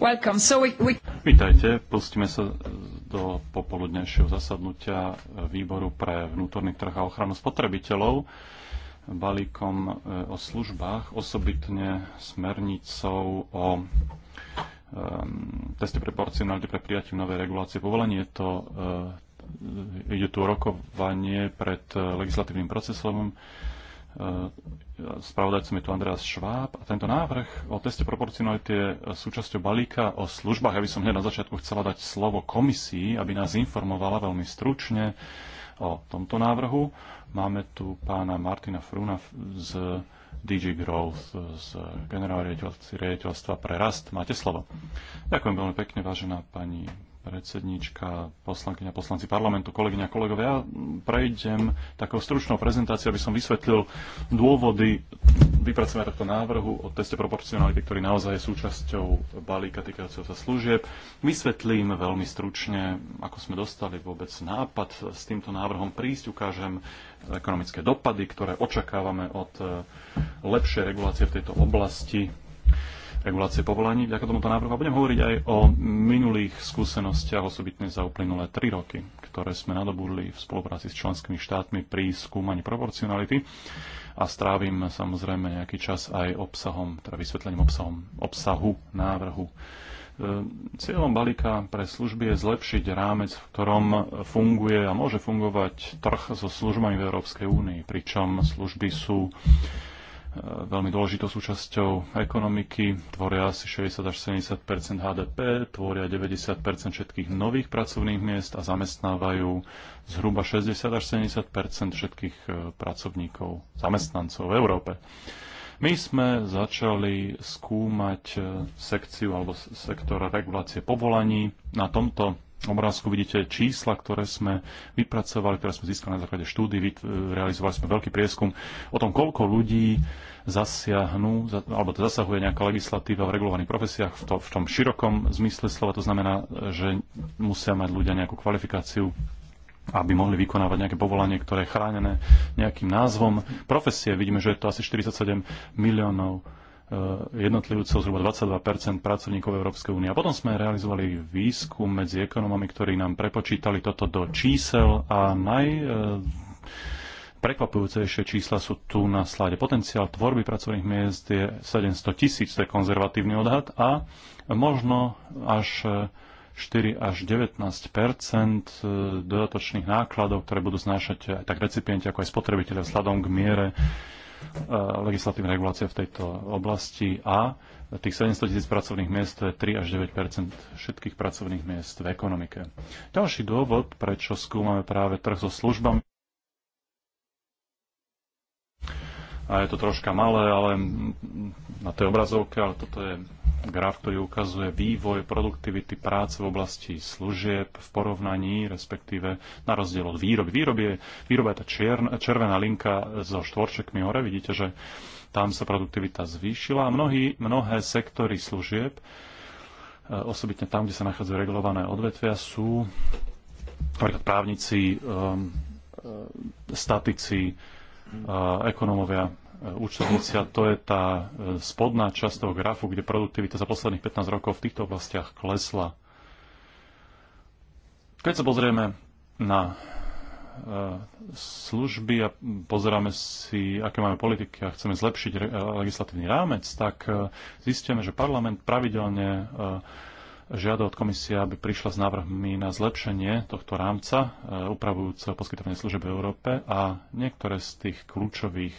Welcome. So we, we... Vítajte, pustíme sa do popoludnejšieho zasadnutia výboru pre vnútorný trh a ochranu spotrebiteľov balíkom e, o službách, osobitne smernicou o um, teste proporcionality pre prijatie novej regulácie povolenie. Je to, uh, ide tu rokovanie pred legislatívnym procesom E, spravodajcom je tu Andreas Šváb a tento návrh o teste proporcionality je súčasťou balíka o službách. Ja by som hneď na začiatku chcela dať slovo komisii, aby nás informovala veľmi stručne o tomto návrhu. Máme tu pána Martina Fruna z DG Growth z generálneho riaditeľstva pre rast. Máte slovo. Ďakujem veľmi pekne, vážená pani predsedníčka, poslankyňa, poslanci parlamentu, kolegyňa, kolegovia. Ja prejdem takou stručnou prezentáciou, aby som vysvetlil dôvody vypracovania tohto návrhu o teste proporcionality, ktorý naozaj je súčasťou balíka týkajúceho sa služieb. Vysvetlím veľmi stručne, ako sme dostali vôbec nápad s týmto návrhom prísť, ukážem ekonomické dopady, ktoré očakávame od lepšej regulácie v tejto oblasti regulácie povolaní vďaka tomuto návrhu. A budem hovoriť aj o minulých skúsenostiach, osobitne za uplynulé 3 roky, ktoré sme nadobudli v spolupráci s členskými štátmi pri skúmaní proporcionality a strávim samozrejme nejaký čas aj obsahom, teda vysvetlením obsahom, obsahu návrhu. E, cieľom balíka pre služby je zlepšiť rámec, v ktorom funguje a môže fungovať trh so službami v Európskej únii, pričom služby sú veľmi dôležitou súčasťou ekonomiky, tvoria asi 60 až 70 HDP, tvoria 90 všetkých nových pracovných miest a zamestnávajú zhruba 60 až 70 všetkých e, pracovníkov, zamestnancov v Európe. My sme začali skúmať e, sekciu alebo sektor regulácie povolaní. Na tomto obrázku vidíte čísla, ktoré sme vypracovali, ktoré sme získali na základe štúdy. realizovali sme veľký prieskum o tom, koľko ľudí zasiahnu, alebo to zasahuje nejaká legislatíva v regulovaných profesiách v, to, v tom širokom zmysle slova. To znamená, že musia mať ľudia nejakú kvalifikáciu aby mohli vykonávať nejaké povolanie, ktoré je chránené nejakým názvom profesie. Vidíme, že je to asi 47 miliónov Eh, jednotlivcov, zhruba 22 pracovníkov Európskej únie. A potom sme realizovali výskum medzi ekonomami, ktorí nám prepočítali toto do čísel a naj eh, prekvapujúcejšie čísla sú tu na slade. Potenciál tvorby pracovných miest je 700 tisíc, to je konzervatívny odhad, a možno až 4 eh, až 19 dodatočných nákladov, ktoré budú znášať aj tak recipienti, ako aj spotrebitelia vzhľadom k miere Eh, legislatívne regulácie v tejto oblasti a tých 700 tisíc pracovných miest to je 3 až 9 všetkých pracovných miest v ekonomike. Ďalší dôvod, prečo skúmame práve trh so službami, a je to troška malé, ale na tej obrazovke, ale toto je graf, ktorý ukazuje vývoj produktivity práce v oblasti služieb v porovnaní, respektíve na rozdiel od výroby. Výroby je, výroba je tá čierna, červená linka so štvorčekmi hore. Vidíte, že tam sa produktivita zvýšila a mnohí, mnohé sektory služieb, eh, osobitne tam, kde sa nachádzajú regulované odvetvia, sú napríklad právnici, ehm, eh, statici, eh, ekonómovia účtovníci a to je tá e, spodná časť toho grafu, kde produktivita za posledných 15 rokov v týchto oblastiach klesla. Keď sa pozrieme na e, služby a pozeráme si, aké máme politiky a chceme zlepšiť e, legislatívny rámec, tak zistíme, že parlament pravidelne žiada od komisie, aby prišla s návrhmi na zlepšenie tohto rámca upravujúceho poskytovanie služeb v Európe a niektoré z tých kľúčových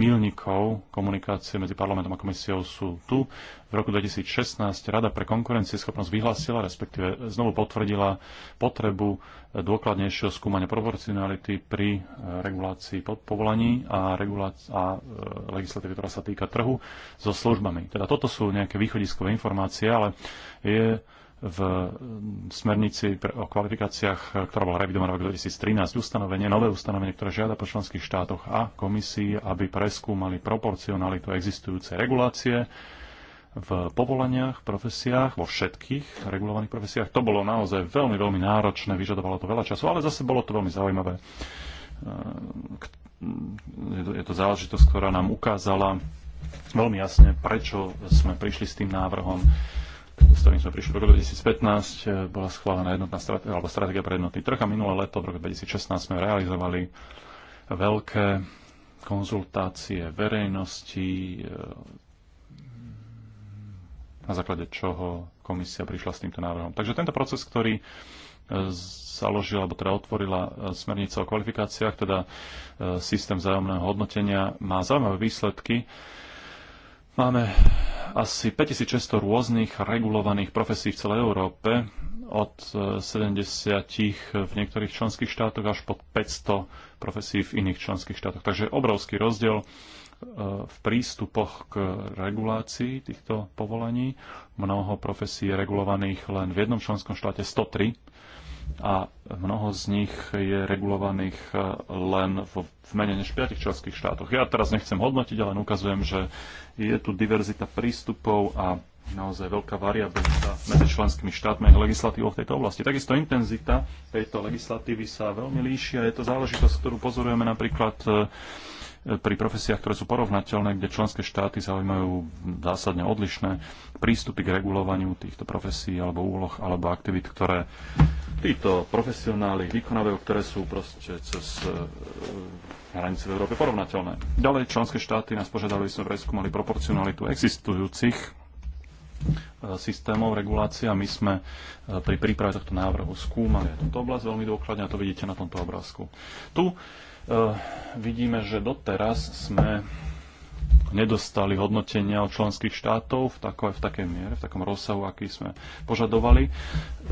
milníkov komunikácie medzi parlamentom a komisiou sú tu. V roku 2016 Rada pre konkurencieschopnosť vyhlásila, respektíve znovu potvrdila potrebu dôkladnejšieho skúmania proporcionality pri e, regulácii povolaní a, a e, legislatívy, ktorá sa týka trhu so službami. Teda toto sú nejaké východiskové informácie, ale je v mm, smernici o kvalifikáciách, ktorá bola revidovaná v roku 2013, ustanovenie, nové ustanovenie, ktoré žiada po členských štátoch a komisii, aby preskúmali proporcionalitu existujúcej regulácie v povoleniach, profesiách, vo všetkých regulovaných profesiách. To bolo naozaj veľmi, veľmi náročné, vyžadovalo to veľa času, ale zase bolo to veľmi zaujímavé. Ehm, je to záležitosť, ktorá nám ukázala veľmi jasne, prečo sme prišli s tým návrhom s ktorým sme prišli v roku 2015, e, bola schválená jednotná stratégia, alebo stratégia pre jednotný trh a minulé leto v roku 2016 sme realizovali veľké konzultácie verejnosti, e, na základe čoho komisia prišla s týmto návrhom. Takže tento proces, ktorý e, založila, alebo teda otvorila smernica o kvalifikáciách, teda systém vzájomného hodnotenia, má zaujímavé výsledky. Máme asi 5600 rôznych regulovaných profesí v celej Európe, od 70 e, v niektorých členských štátoch až po 500 profesí v iných členských štátoch. Takže obrovský rozdiel e, v prístupoch k regulácii týchto povolení. Mnoho profesí je regulovaných len v jednom členskom štáte 103 a mnoho z nich je regulovaných e, len v, v menej než 5 členských štátoch. Ja teraz nechcem hodnotiť, ale len ukazujem, že je tu diverzita prístupov a naozaj veľká variabilita medzi členskými štátmi a legislatívou v tejto oblasti. Takisto intenzita tejto legislatívy sa veľmi líši a je to záležitosť, ktorú pozorujeme napríklad e, pri profesiách, ktoré sú porovnateľné, kde členské štáty zaujímajú zásadne odlišné prístupy k regulovaniu týchto profesí alebo úloh alebo aktivít, ktoré títo profesionáli vykonávajú, ktoré sú proste cez eh, hranice v Európe porovnateľné. Ďalej členské štáty nás požiadali, sme preskúmali proporcionalitu existujúcich eh, systémov regulácie a My sme eh, pri príprave tohto návrhu skúmali túto oblasť veľmi dôkladne a to vidíte na tomto obrázku. Tu Eh, vidíme, že doteraz sme nedostali hodnotenia od členských štátov v, tako, v takej miere, v takom rozsahu, aký sme požadovali.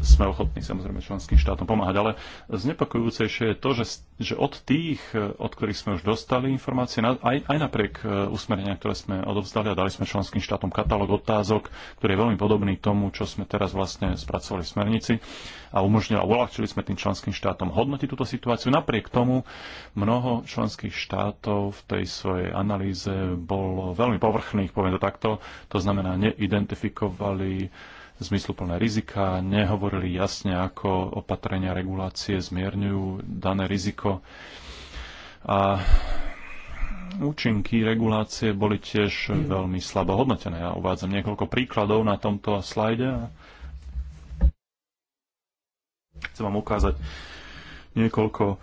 Sme ochotní samozrejme členským štátom pomáhať, ale znepokojúcejšie je to, že, že od tých, od ktorých sme už dostali informácie, aj, aj napriek e, usmerenia, ktoré sme odovzdali a dali sme členským štátom katalóg otázok, ktorý je veľmi podobný tomu, čo sme teraz vlastne spracovali v smernici a umožnili a uľahčili sme tým členským štátom hodnotiť túto situáciu. Napriek tomu mnoho členských štátov v tej svojej analýze bol veľmi povrchný poviem to takto. To znamená, neidentifikovali zmysluplné rizika, nehovorili jasne, ako opatrenia regulácie zmierňujú dané riziko. A účinky regulácie boli tiež veľmi slabo hodnotené. Ja uvádzam niekoľko príkladov na tomto slajde. Chcem vám ukázať niekoľko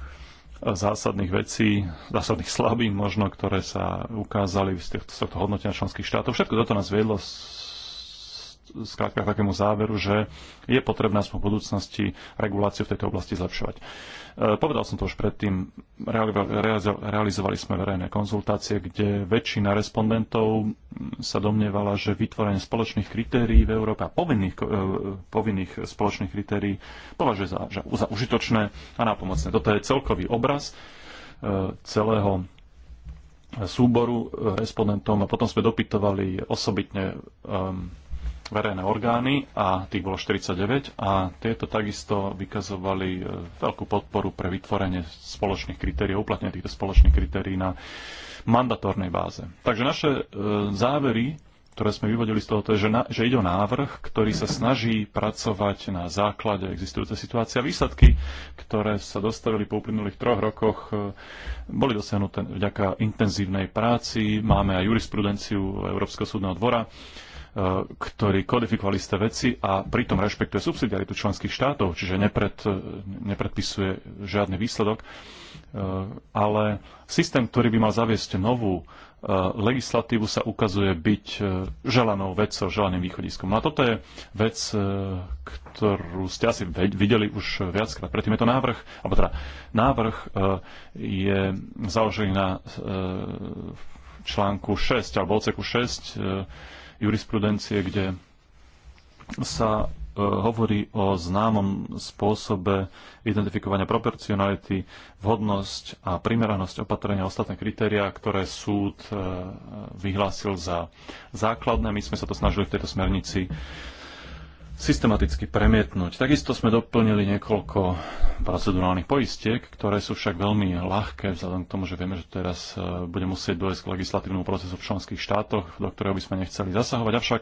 zásadných vecí, zásadných slabín možno, ktoré sa ukázali z tohto hodnotenia členských štátov. Všetko toto nás viedlo skrátka k takému záveru, že je potrebné aspoň v budúcnosti reguláciu v tejto oblasti zlepšovať. E, povedal som to už predtým, realizovali sme verejné konzultácie, kde väčšina respondentov sa domnievala, že vytvorenie spoločných kritérií v Európe a povinných, e, povinných spoločných kritérií považuje za, za užitočné a nápomocné. Toto je celkový obraz e, celého súboru respondentom a potom sme dopytovali osobitne um, verejné orgány a tých bolo 49 a tieto takisto vykazovali e, veľkú podporu pre vytvorenie spoločných kritérií, uplatnenie týchto spoločných kritérií na mandatórnej báze. Takže naše e, závery, ktoré sme vyvodili z toho, je, že, na, že ide o návrh, ktorý sa snaží pracovať na základe existujúcej situácie a výsledky, ktoré sa dostavili po uplynulých troch rokoch, e, boli dosiahnuté vďaka intenzívnej práci. Máme aj jurisprudenciu Európskeho súdneho dvora Eh, ktorí kodifikovali ste veci a pritom rešpektuje subsidiaritu členských štátov, čiže nepred, eh, nepredpisuje žiadny výsledok. Eh, ale systém, ktorý by mal zaviesť novú legislatívu, sa ukazuje byť želanou vecou, želaným východiskom. No a toto je vec, ktorú ste asi videli už viackrát. Predtým je to návrh, alebo teda návrh je založený na článku 6 alebo odseku 6 jurisprudencie, kde sa e, hovorí o známom spôsobe identifikovania proporcionality, vhodnosť a primeranosť opatrenia a ostatné kritériá, ktoré súd e, vyhlásil za základné. My sme sa to snažili v tejto smernici systematicky premietnúť. Takisto sme doplnili niekoľko procedurálnych poistiek, ktoré sú však veľmi ľahké, vzhľadom k tomu, že vieme, že teraz e, bude musieť dojsť k legislatívnemu procesu v členských štátoch, do ktorého by sme nechceli zasahovať. Avšak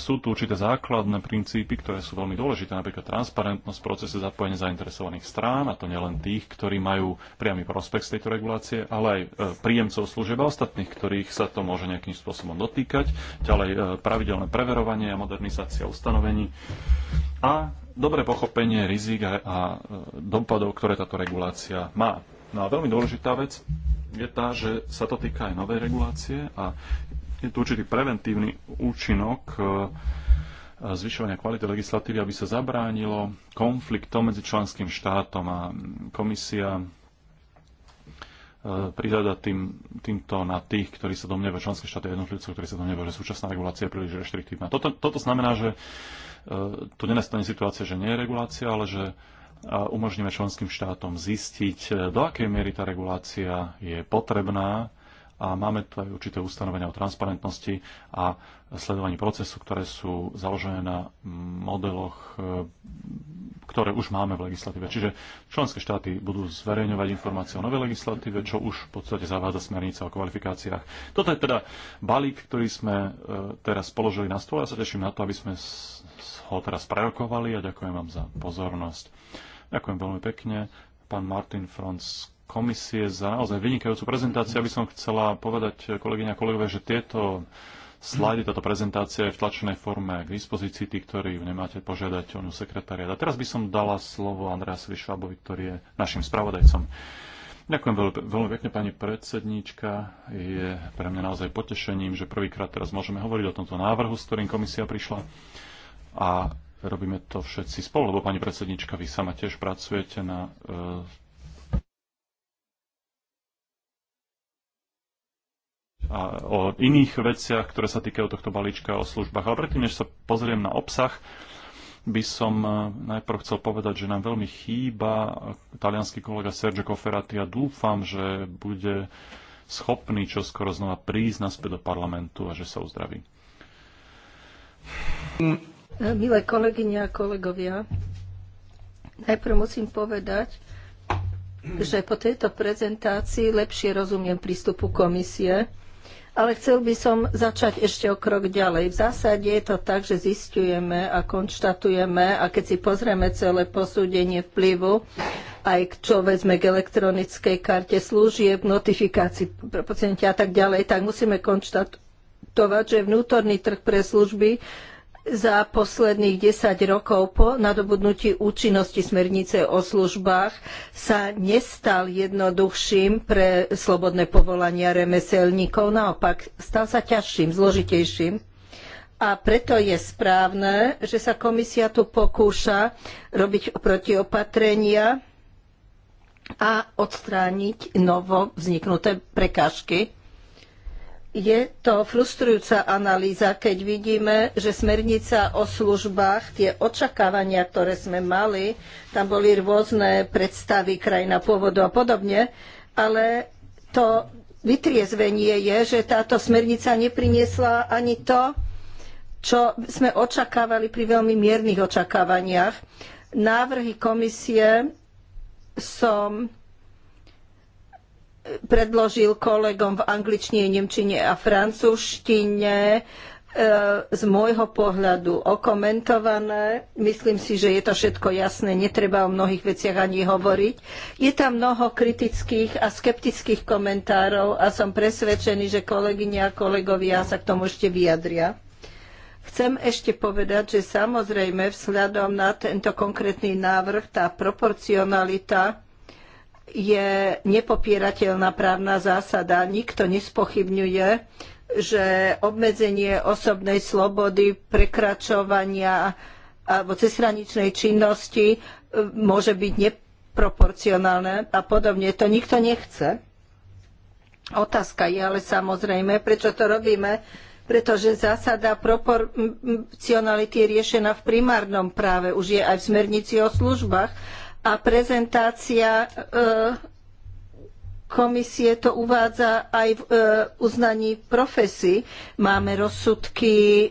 sú tu určité základné princípy, ktoré sú veľmi dôležité, napríklad transparentnosť v procese zapojenia zainteresovaných strán, a to nielen tých, ktorí majú priamy prospekt z tejto regulácie, ale aj e, príjemcov služieb a ostatných, ktorých sa to môže nejakým spôsobom dotýkať, ďalej e, pravidelné preverovanie a modernizácia ustanovení a dobré pochopenie rizik a e, dopadov, ktoré táto regulácia má. No a veľmi dôležitá vec je tá, že sa to týka aj novej regulácie a je tu určitý preventívny účinok e, zvyšovania kvality legislatívy, aby sa zabránilo konfliktom medzi členským štátom a komisia e, prihľada tým, týmto na tých, ktorí sa domnievajú, členské štáty jednotlivcov, ktorí sa domnievajú, že súčasná regulácia je príliš reštriktívna. Toto, toto znamená, že e, tu nenastane situácia, že nie je regulácia, ale že umožníme členským štátom zistiť, do akej miery tá regulácia je potrebná a máme tu aj určité ustanovenia o transparentnosti a sledovaní procesu, ktoré sú založené na modeloch, e, ktoré už máme v legislatíve. Čiže členské štáty budú zverejňovať informácie o novej legislatíve, čo už v podstate zavádza smernica o kvalifikáciách. Toto je teda balík, ktorý sme e, teraz položili na stôl. Ja sa teším na to, aby sme ho teraz prerokovali a ďakujem vám za pozornosť. Ďakujem veľmi pekne. Pán Martin Franz komisie za naozaj vynikajúcu prezentáciu. Aby som chcela povedať kolegyňa a kolegové, že tieto slajdy, táto prezentácia je v tlačenej forme k dispozícii, tých, ktorí ju nemáte, požiadať o ňu sekretariat. A teraz by som dala slovo Andreasovi Švábovi, ktorý je našim spravodajcom. Ďakujem veľmi, veľmi pekne, pani predsednička. Je pre mňa naozaj potešením, že prvýkrát teraz môžeme hovoriť o tomto návrhu, s ktorým komisia prišla. A robíme to všetci spolu, lebo pani predsednička, vy sama tiež pracujete na e, a o iných veciach, ktoré sa týkajú tohto balíčka, o službách. Ale predtým, než sa pozriem na obsah, by som eh, najprv chcel povedať, že nám veľmi chýba talianský kolega Sergio Cofferati a dúfam, že bude schopný čo skoro znova prísť naspäť do parlamentu a že sa uzdraví. Eh, milé kolegyne a kolegovia, najprv musím povedať, že po tejto prezentácii lepšie rozumiem prístupu komisie ale chcel by som začať ešte o krok ďalej. V zásade je to tak, že zistujeme a konštatujeme a keď si pozrieme celé posúdenie vplyvu, aj čo vezme k elektronickej karte služieb, notifikácii pacienti a tak ďalej, tak musíme konštatovať, že vnútorný trh pre služby za posledných 10 rokov po nadobudnutí účinnosti smernice o službách sa nestal jednoduchším pre slobodné povolania remeselníkov, naopak stal sa ťažším, zložitejším. A preto je správne, že sa komisia tu pokúša robiť protiopatrenia a odstrániť novo vzniknuté prekážky je to frustrujúca analýza, keď vidíme, že smernica o službách, tie očakávania, ktoré sme mali, tam boli rôzne predstavy krajina pôvodu a podobne, ale to vytriezvenie je, že táto smernica nepriniesla ani to, čo sme očakávali pri veľmi miernych očakávaniach. Návrhy komisie som predložil kolegom v angličtine, nemčine a francúzštine e, z môjho pohľadu okomentované. Myslím si, že je to všetko jasné, netreba o mnohých veciach ani hovoriť. Je tam mnoho kritických a skeptických komentárov a som presvedčený, že kolegyne a kolegovia sa k tomu ešte vyjadria. Chcem ešte povedať, že samozrejme vzhľadom na tento konkrétny návrh tá proporcionalita je nepopierateľná právna zásada. Nikto nespochybňuje, že obmedzenie osobnej slobody, prekračovania alebo cezhraničnej činnosti e, môže byť neproporcionálne a podobne. To nikto nechce. Otázka je ale samozrejme, prečo to robíme, pretože zásada proporcionality je riešená v primárnom práve, už je aj v smernici o službách a prezentácia e, komisie to uvádza aj v e, uznaní profesí. Máme rozsudky e,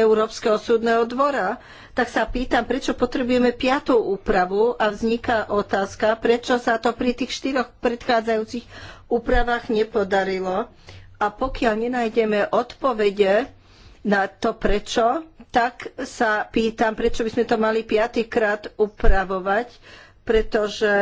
Európskeho súdneho dvora. Tak sa pýtam, prečo potrebujeme piatú úpravu a vzniká otázka, prečo sa to pri tých štyroch predchádzajúcich úpravách nepodarilo. A pokiaľ nenájdeme odpovede, na to prečo, tak sa pýtam, prečo by sme to mali piatýkrát upravovať, pretože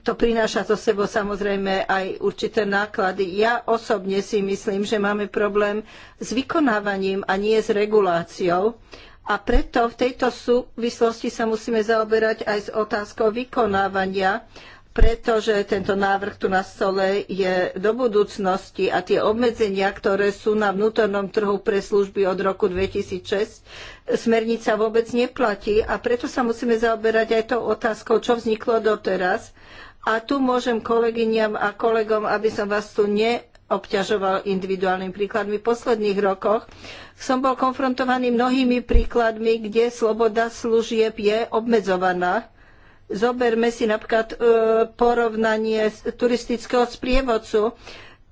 to prináša so sebou samozrejme aj určité náklady. Ja osobne si myslím, že máme problém s vykonávaním a nie s reguláciou. A preto v tejto súvislosti sa musíme zaoberať aj s otázkou vykonávania pretože tento návrh tu na stole je do budúcnosti a tie obmedzenia, ktoré sú na vnútornom trhu pre služby od roku 2006, smernica vôbec neplatí a preto sa musíme zaoberať aj tou otázkou, čo vzniklo doteraz. A tu môžem kolegyňam a kolegom, aby som vás tu ne obťažoval individuálnym príkladmi. V posledných rokoch som bol konfrontovaný mnohými príkladmi, kde sloboda služieb je obmedzovaná Zoberme si napríklad e, porovnanie turistického sprievodcu.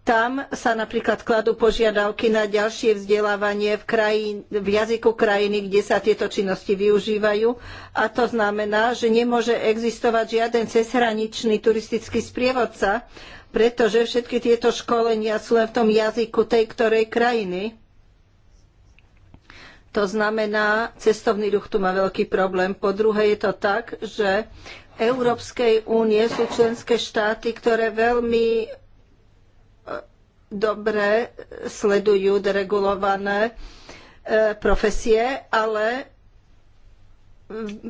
Tam sa napríklad kladú požiadavky na ďalšie vzdelávanie v, krajín, v jazyku krajiny, kde sa tieto činnosti využívajú. A to znamená, že nemôže existovať žiaden cezhraničný turistický sprievodca, pretože všetky tieto školenia sú len v tom jazyku tej ktorej krajiny. To znamená, cestovný ruch tu má veľký problém. Po druhé je to tak, že Európskej únie sú členské štáty, ktoré veľmi e, dobre sledujú deregulované e, profesie, ale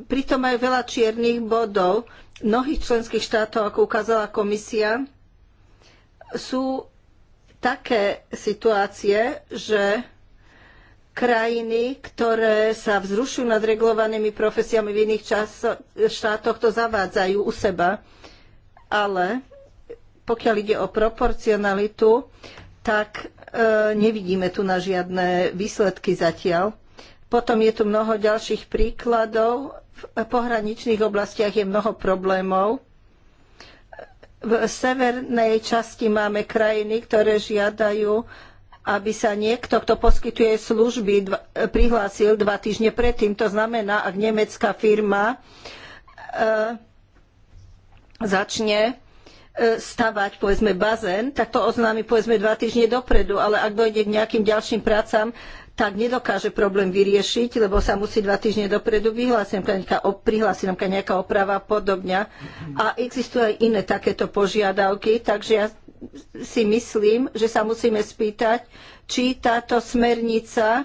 pritom majú veľa čiernych bodov. Mnohých členských štátov, ako ukázala komisia, sú také situácie, že krajiny, ktoré sa vzrušujú nad regulovanými profesiami v iných časo- štátoch, to zavádzajú u seba. Ale pokiaľ ide o proporcionalitu, tak e, nevidíme tu na žiadne výsledky zatiaľ. Potom je tu mnoho ďalších príkladov. V pohraničných oblastiach je mnoho problémov. V severnej časti máme krajiny, ktoré žiadajú aby sa niekto, kto poskytuje služby, prihlásil dva týždne predtým. To znamená, ak nemecká firma e, začne e, stavať, povedzme, bazén, tak to oznámi, povedzme, dva týždne dopredu, ale ak dojde k nejakým ďalším prácam, tak nedokáže problém vyriešiť, lebo sa musí dva týždne dopredu vyhlásiť, prihlási nejaká oprava a podobne. A existujú aj iné takéto požiadavky, takže ja si myslím, že sa musíme spýtať, či táto smernica e,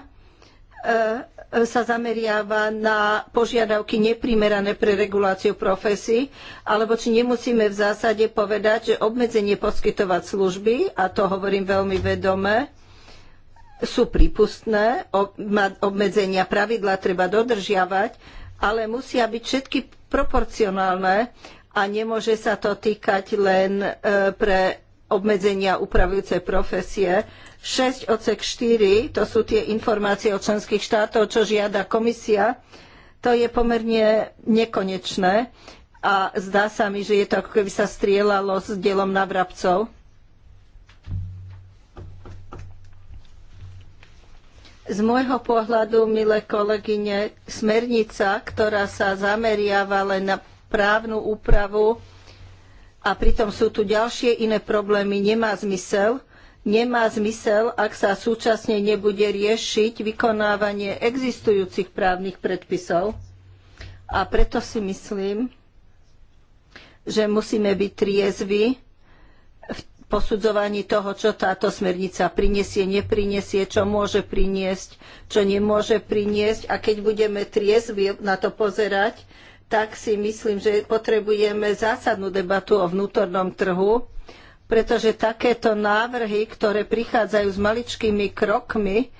e, sa zameriava na požiadavky neprimerané pre reguláciu profesí, alebo či nemusíme v zásade povedať, že obmedzenie poskytovať služby, a to hovorím veľmi vedome, sú prípustné, obmedzenia pravidla treba dodržiavať, ale musia byť všetky proporcionálne a nemôže sa to týkať len e, pre obmedzenia upravujúce profesie. 6 odsek 4, to sú tie informácie o členských štátov, čo žiada komisia. To je pomerne nekonečné a zdá sa mi, že je to ako keby sa strieľalo s dielom na vrabcov. Z môjho pohľadu, milé kolegyne, smernica, ktorá sa zameriava len na právnu úpravu a pritom sú tu ďalšie iné problémy, nemá zmysel. Nemá zmysel, ak sa súčasne nebude riešiť vykonávanie existujúcich právnych predpisov. A preto si myslím, že musíme byť triezvi v posudzovaní toho, čo táto smernica prinesie, neprinesie, čo môže priniesť, čo nemôže priniesť. A keď budeme triezvi na to pozerať, tak si myslím, že potrebujeme zásadnú debatu o vnútornom trhu, pretože takéto návrhy, ktoré prichádzajú s maličkými krokmi,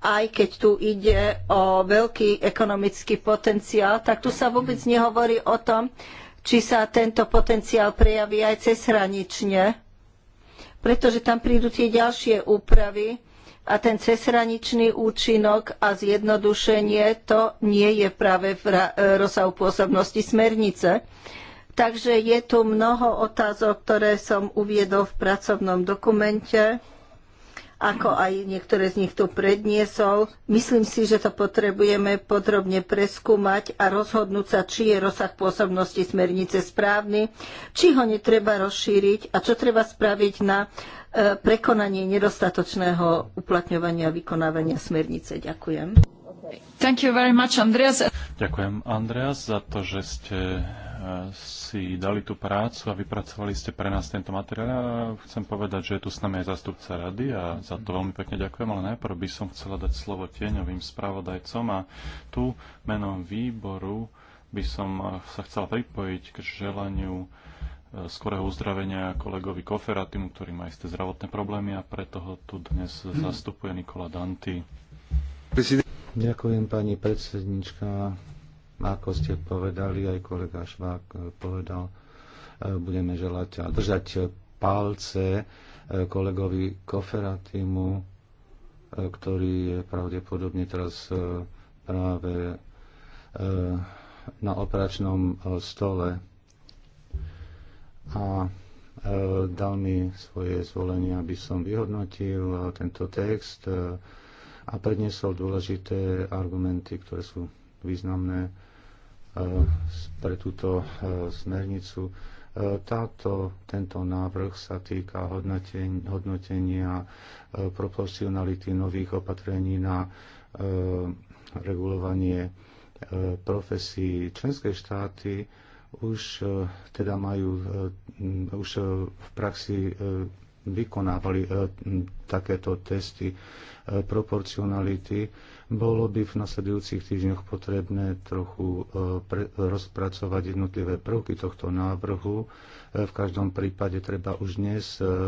aj keď tu ide o veľký ekonomický potenciál, tak tu sa vôbec nehovorí o tom, či sa tento potenciál prejaví aj cezhranične, pretože tam prídu tie ďalšie úpravy, a ten cezhraničný účinok a zjednodušenie to nie je práve v rozsahu pôsobnosti smernice. Takže je tu mnoho otázok, ktoré som uviedol v pracovnom dokumente ako aj niektoré z nich tu predniesol. Myslím si, že to potrebujeme podrobne preskúmať a rozhodnúť sa, či je rozsah pôsobnosti smernice správny, či ho netreba rozšíriť a čo treba spraviť na e, prekonanie nedostatočného uplatňovania a vykonávania smernice. Ďakujem. Thank you very much, Andreas. Ďakujem, Andreas, za to, že ste si dali tú prácu a vypracovali ste pre nás tento materiál. Ja chcem povedať, že je tu s nami aj zastupca rady a za to veľmi pekne ďakujem, ale najprv by som chcela dať slovo tieňovým spravodajcom a tu menom výboru by som eh, sa chcela pripojiť k želaniu eh, skorého uzdravenia kolegovi Koferatimu, ktorý má isté zdravotné problémy a preto ho tu dnes hmm. zastupuje Nikola Danti. Ďakujem pani predsednička. Ako ste povedali, aj kolega Švák eh, povedal, eh, budeme želať a držať eh, palce kolegovi Koferatimu, ktorý je pravdepodobne teraz práve na operačnom stole a dal mi svoje zvolenie, aby som vyhodnotil tento text a predniesol dôležité argumenty, ktoré sú významné Eh, pre túto eh, smernicu. Eh, táto, tento návrh sa týka hodnotenia, proporcionality nových opatrení na regulovanie profesí. Členské štáty už teda majú, už v praxi vykonávali takéto testy proporcionality bolo by v nasledujúcich týždňoch potrebné trochu e, pre, rozpracovať jednotlivé prvky tohto návrhu. E, v každom prípade treba už dnes e,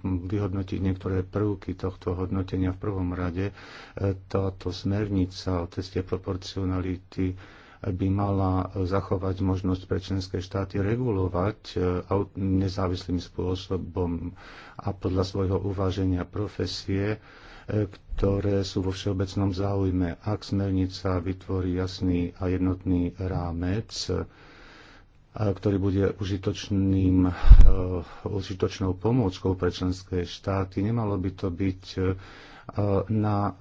vyhodnotiť niektoré prvky tohto hodnotenia. V prvom rade táto smernica o teste proporcionality by mala zachovať možnosť pre členské štáty regulovať nezávislým spôsobom a podľa svojho uváženia profesie ktoré sú vo všeobecnom záujme. Ak smernica vytvorí jasný a jednotný rámec, e, ktorý bude užitočným, e, užitočnou pomôckou pre členské štáty, nemalo by to byť e, na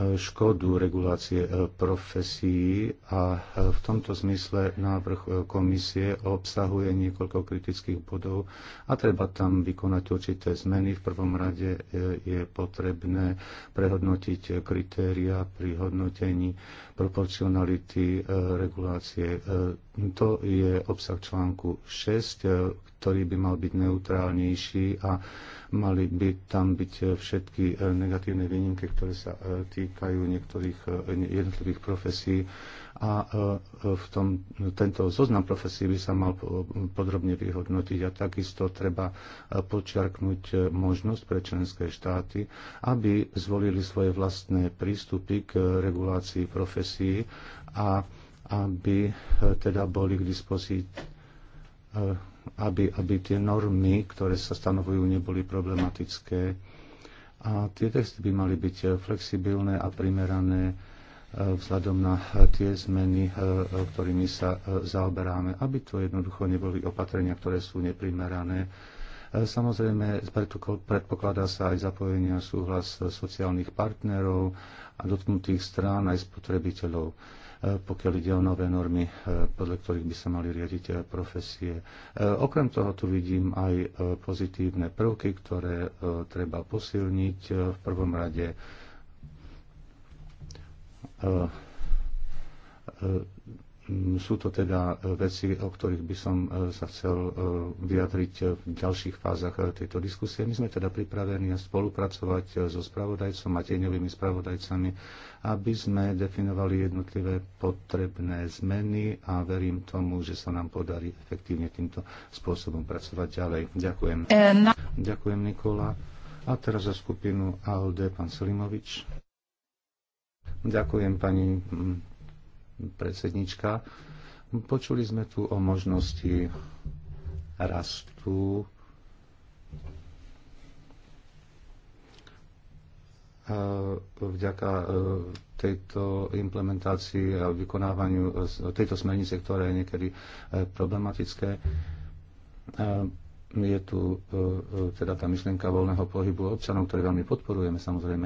škodu regulácie e, profesí a e, v tomto zmysle návrh e, komisie obsahuje niekoľko kritických bodov a treba tam vykonať určité zmeny. V prvom rade je potrebné prehodnotiť kritéria pri hodnotení proporcionality regulácie. To je obsah článku 6, ktorý by mal byť neutrálnejší a mali by tam byť e, všetky e, negatívne výnimky, ktoré sa e, týkajú niektorých jednotlivých profesí a v tom, tento zoznam profesí by sa mal podrobne vyhodnotiť a takisto treba počiarknúť možnosť pre členské štáty, aby zvolili svoje vlastné prístupy k regulácii profesí a aby teda boli k dispozícii aby, aby tie normy, ktoré sa stanovujú, neboli problematické. A tie texty by mali byť eh, flexibilné a primerané eh, vzhľadom na eh, tie zmeny, ktorými sa zaoberáme, aby to jednoducho neboli opatrenia, ktoré sú neprimerané. Samozrejme, predpokladá sa aj zapojenia súhlas sociálnych partnerov a dotknutých strán aj spotrebiteľov pokiaľ ide o nové normy, eh, podľa ktorých by sa mali riadiť eh, profesie. Eh, okrem toho tu vidím aj pozitívne prvky, ktoré treba posilniť v prvom rade Mm, sú to teda e, veci, o ktorých by som e, sa chcel e, vyjadriť v ďalších fázach tejto diskusie. My sme teda pripravení spolupracovať so spravodajcom a tieňovými spravodajcami, aby sme definovali jednotlivé potrebné zmeny a verím tomu, že sa nám podarí efektívne týmto spôsobom pracovať ďalej. Ďakujem. Ďakujem, Nikola. A teraz za skupinu ALD, pán Selimovič. Ďakujem, pani mm, predsednička. Počuli sme tu o možnosti rastu vďaka e, tejto implementácii a vykonávaniu e, tejto smernice, ktoré je niekedy e, problematické. Je tu teda tá myšlienka voľného pohybu občanov, ktoré veľmi podporujeme samozrejme.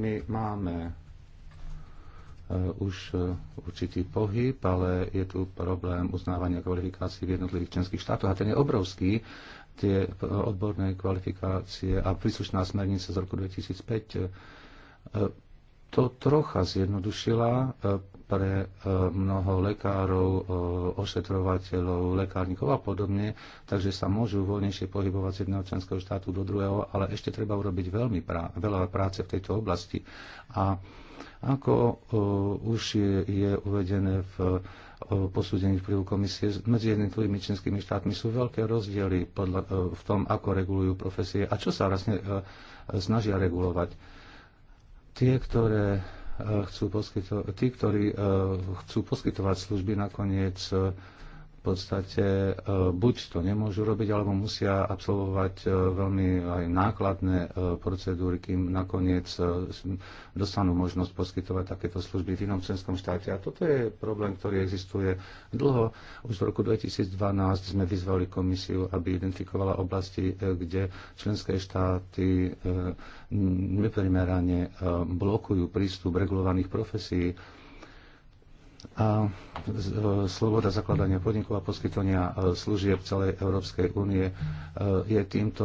My máme E, už e, určitý pohyb, ale je tu problém uznávania kvalifikácií v jednotlivých členských štátoch a ten je obrovský. Tie odborné kvalifikácie a príslušná smernica z roku 2005 e, to trocha zjednodušila pre mnoho lekárov, ošetrovateľov, lekárnikov a podobne, takže sa môžu voľnejšie pohybovať z jedného členského štátu do druhého, ale ešte treba urobiť veľmi prá- veľa práce v tejto oblasti. A ako e, už je, je uvedené v e, posúdení vplyvu komisie, medzi jednotlivými členskými štátmi sú veľké rozdiely podľa, e, v tom, ako regulujú profesie a čo sa vlastne snažia regulovať. Tie, ktoré chcú poskytovať, tí, ktorí chcú poskytovať služby, nakoniec podstate e, buď to nemôžu robiť, alebo musia absolvovať e, veľmi aj nákladné e, procedúry, kým nakoniec dostanú možnosť poskytovať takéto služby v inom členskom štáte. A toto je problém, ktorý existuje dlho. Už v roku 2012 sme vyzvali komisiu, aby identifikovala oblasti, kde členské štáty neprimerane blokujú prístup regulovaných profesí a e, sloboda zakladania podnikov a poskytovania e, služieb celej Európskej únie e, je týmto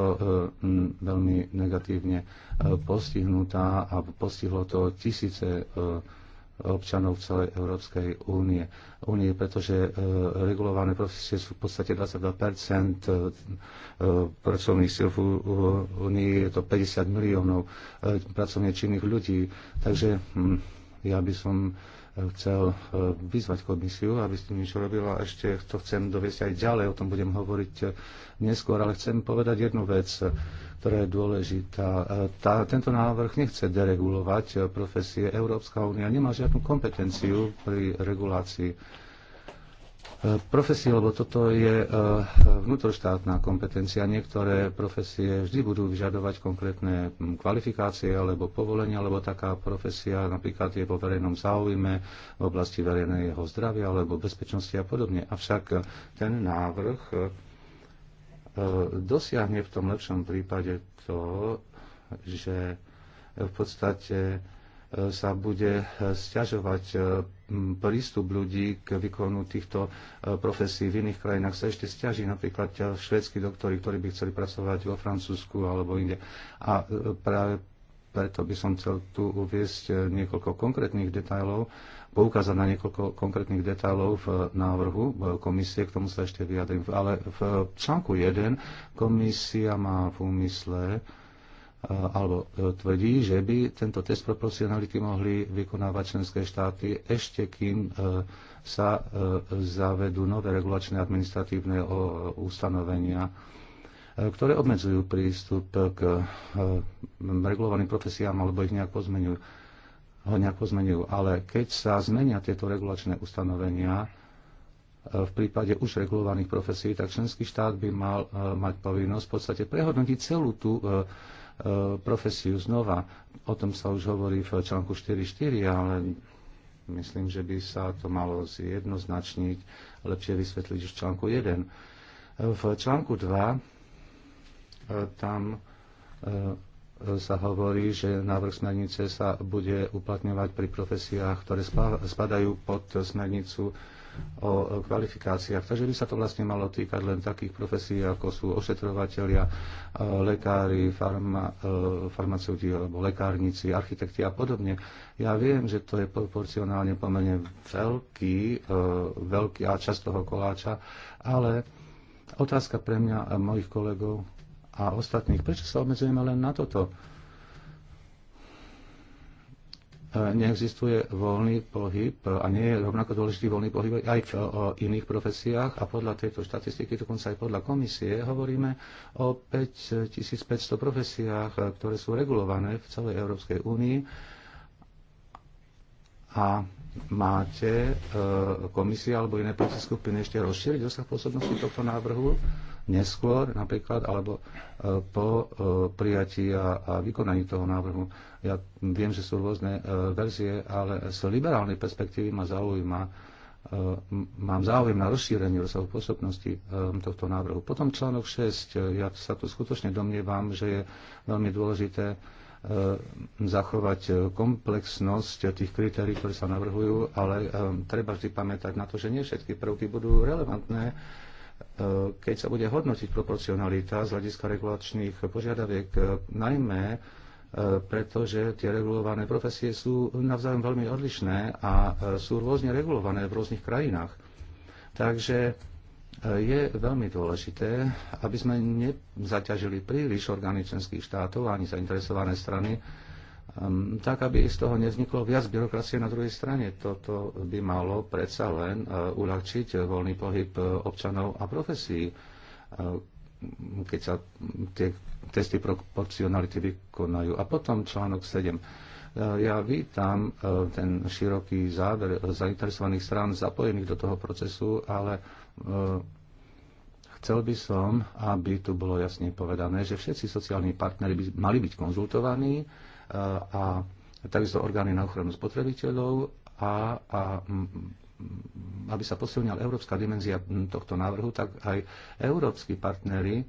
veľmi negatívne postihnutá a postihlo to tisíce občanov celej Európskej únie. únie pretože regulované profesie sú v podstate 22 pracovných síl v únii, je to 50 miliónov pracovne činných ľudí. Takže hm, ja by som chcel e, vyzvať komisiu, aby s tým niečo robila. Ešte to chcem doviesť aj ďalej, o tom budem hovoriť e, neskôr, ale chcem povedať jednu vec, e, ktorá je dôležitá. Tá, tento návrh nechce deregulovať profesie. Európska únia nemá žiadnu kompetenciu pri regulácii profesie, lebo toto je e, vnútroštátna kompetencia. Niektoré profesie vždy budú vyžadovať konkrétne kvalifikácie alebo povolenia, alebo taká profesia napríklad je vo verejnom záujme v oblasti verejného zdravia alebo bezpečnosti a podobne. Avšak e, ten návrh e, dosiahne v tom lepšom prípade to, že v podstate sa bude stiažovať prístup ľudí k výkonu týchto e, profesí v iných krajinách sa ešte stiaží. Napríklad e, švedskí doktori, ktorí by chceli pracovať vo Francúzsku alebo inde. A e, práve preto by som chcel tu uviesť niekoľko konkrétnych detajlov, poukázať na niekoľko konkrétnych detajlov v návrhu komisie, k tomu sa ešte vyjadrím. Ale v článku 1 komisia má v úmysle alebo e, tvrdí, že by tento test proporcionality mohli vykonávať členské štáty ešte kým e, sa e, zavedú nové regulačné administratívne ustanovenia, ktoré obmedzujú prístup k regulovaným profesiám alebo ich nejak pozmenujú, ho nejak pozmenujú. Ale keď sa zmenia tieto regulačné ustanovenia, v prípade už regulovaných profesí, tak členský štát by mal mať povinnosť v podstate prehodnotiť celú tú E, profesiu znova. O tom sa už hovorí v článku 4.4, ale myslím, že by sa to malo zjednoznačniť, lepšie vysvetliť už v článku 1. V článku 2 e, tam e, sa hovorí, že návrh smernice sa bude uplatňovať pri profesiách, ktoré spadajú pod smernicu o kvalifikáciách. Takže by sa to vlastne malo týkať len takých profesí, ako sú ošetrovateľia, e, lekári, farma, e, farmaceuti alebo lekárnici, architekti a podobne. Ja viem, že to je proporcionálne pomerne veľký, e, veľký a časť toho koláča, ale otázka pre mňa a mojich kolegov a ostatných, prečo sa obmedzujeme len na toto? E, neexistuje voľný pohyb e, a nie je rovnako dôležitý voľný pohyb aj v e, o iných profesiách a podľa tejto štatistiky, dokonca aj podľa komisie, hovoríme o 5500 profesiách, ktoré sú regulované v celej Európskej únii a máte komisie alebo iné pracovné skupiny ešte rozšíriť dosah pôsobnosti tohto návrhu neskôr napríklad, alebo e, po e, prijatí a, vykonaní toho návrhu. Ja viem, že sú rôzne e, verzie, ale z liberálnej perspektívy ma zaujíma, mám záujem na rozšírenie rozsahu pôsobnosti tohto návrhu. Potom článok 6, ja sa tu skutočne domnievam, že je veľmi dôležité zachovať komplexnosť tých kritérií, ktoré sa navrhujú, ale treba vždy pamätať na to, že nie všetky prvky budú relevantné E, keď sa bude hodnotiť proporcionalita z hľadiska regulačných požiadaviek, e, najmä e, pretože tie regulované profesie sú navzájom veľmi odlišné a sú rôzne regulované v rôznych krajinách. Takže je veľmi dôležité, aby sme nezaťažili príliš orgány členských štátov ani zainteresované strany, Ehm, tak aby z toho nevzniklo viac byrokracie na druhej strane. Toto by malo predsa len e, uľahčiť voľný pohyb e, občanov a profesí, e, keď sa tie testy proporcionality vykonajú. A potom článok 7. Ja vítam ten široký záver zainteresovaných strán zapojených do toho procesu, ale Chcel by som, aby tu bolo jasne povedané, že všetci sociálni partnery by mali byť konzultovaní a takisto orgány na ochranu spotrebiteľov a, a aby sa posilnila európska dimenzia tohto návrhu, tak aj európsky partnery,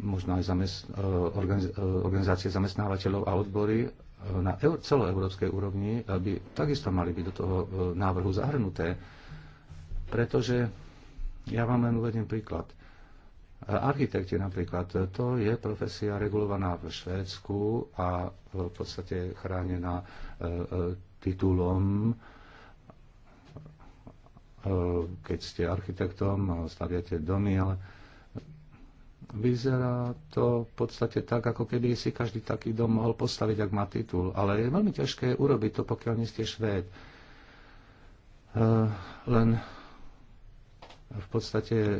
možno aj zamest, e, e, organizácie zamestnávateľov a odbory e, na celoeurópskej úrovni by takisto mali byť do toho návrhu zahrnuté. Pretože ja vám len uvediem príklad. Architekti napríklad, to je profesia regulovaná v Švédsku a v podstate chránená e, e, titulom, e, keď ste architektom, staviate domy, ale vyzerá to v podstate tak, ako keby si každý taký dom mohol postaviť, ak má titul. Ale je veľmi ťažké urobiť to, pokiaľ nie ste švéd. Len v podstate e,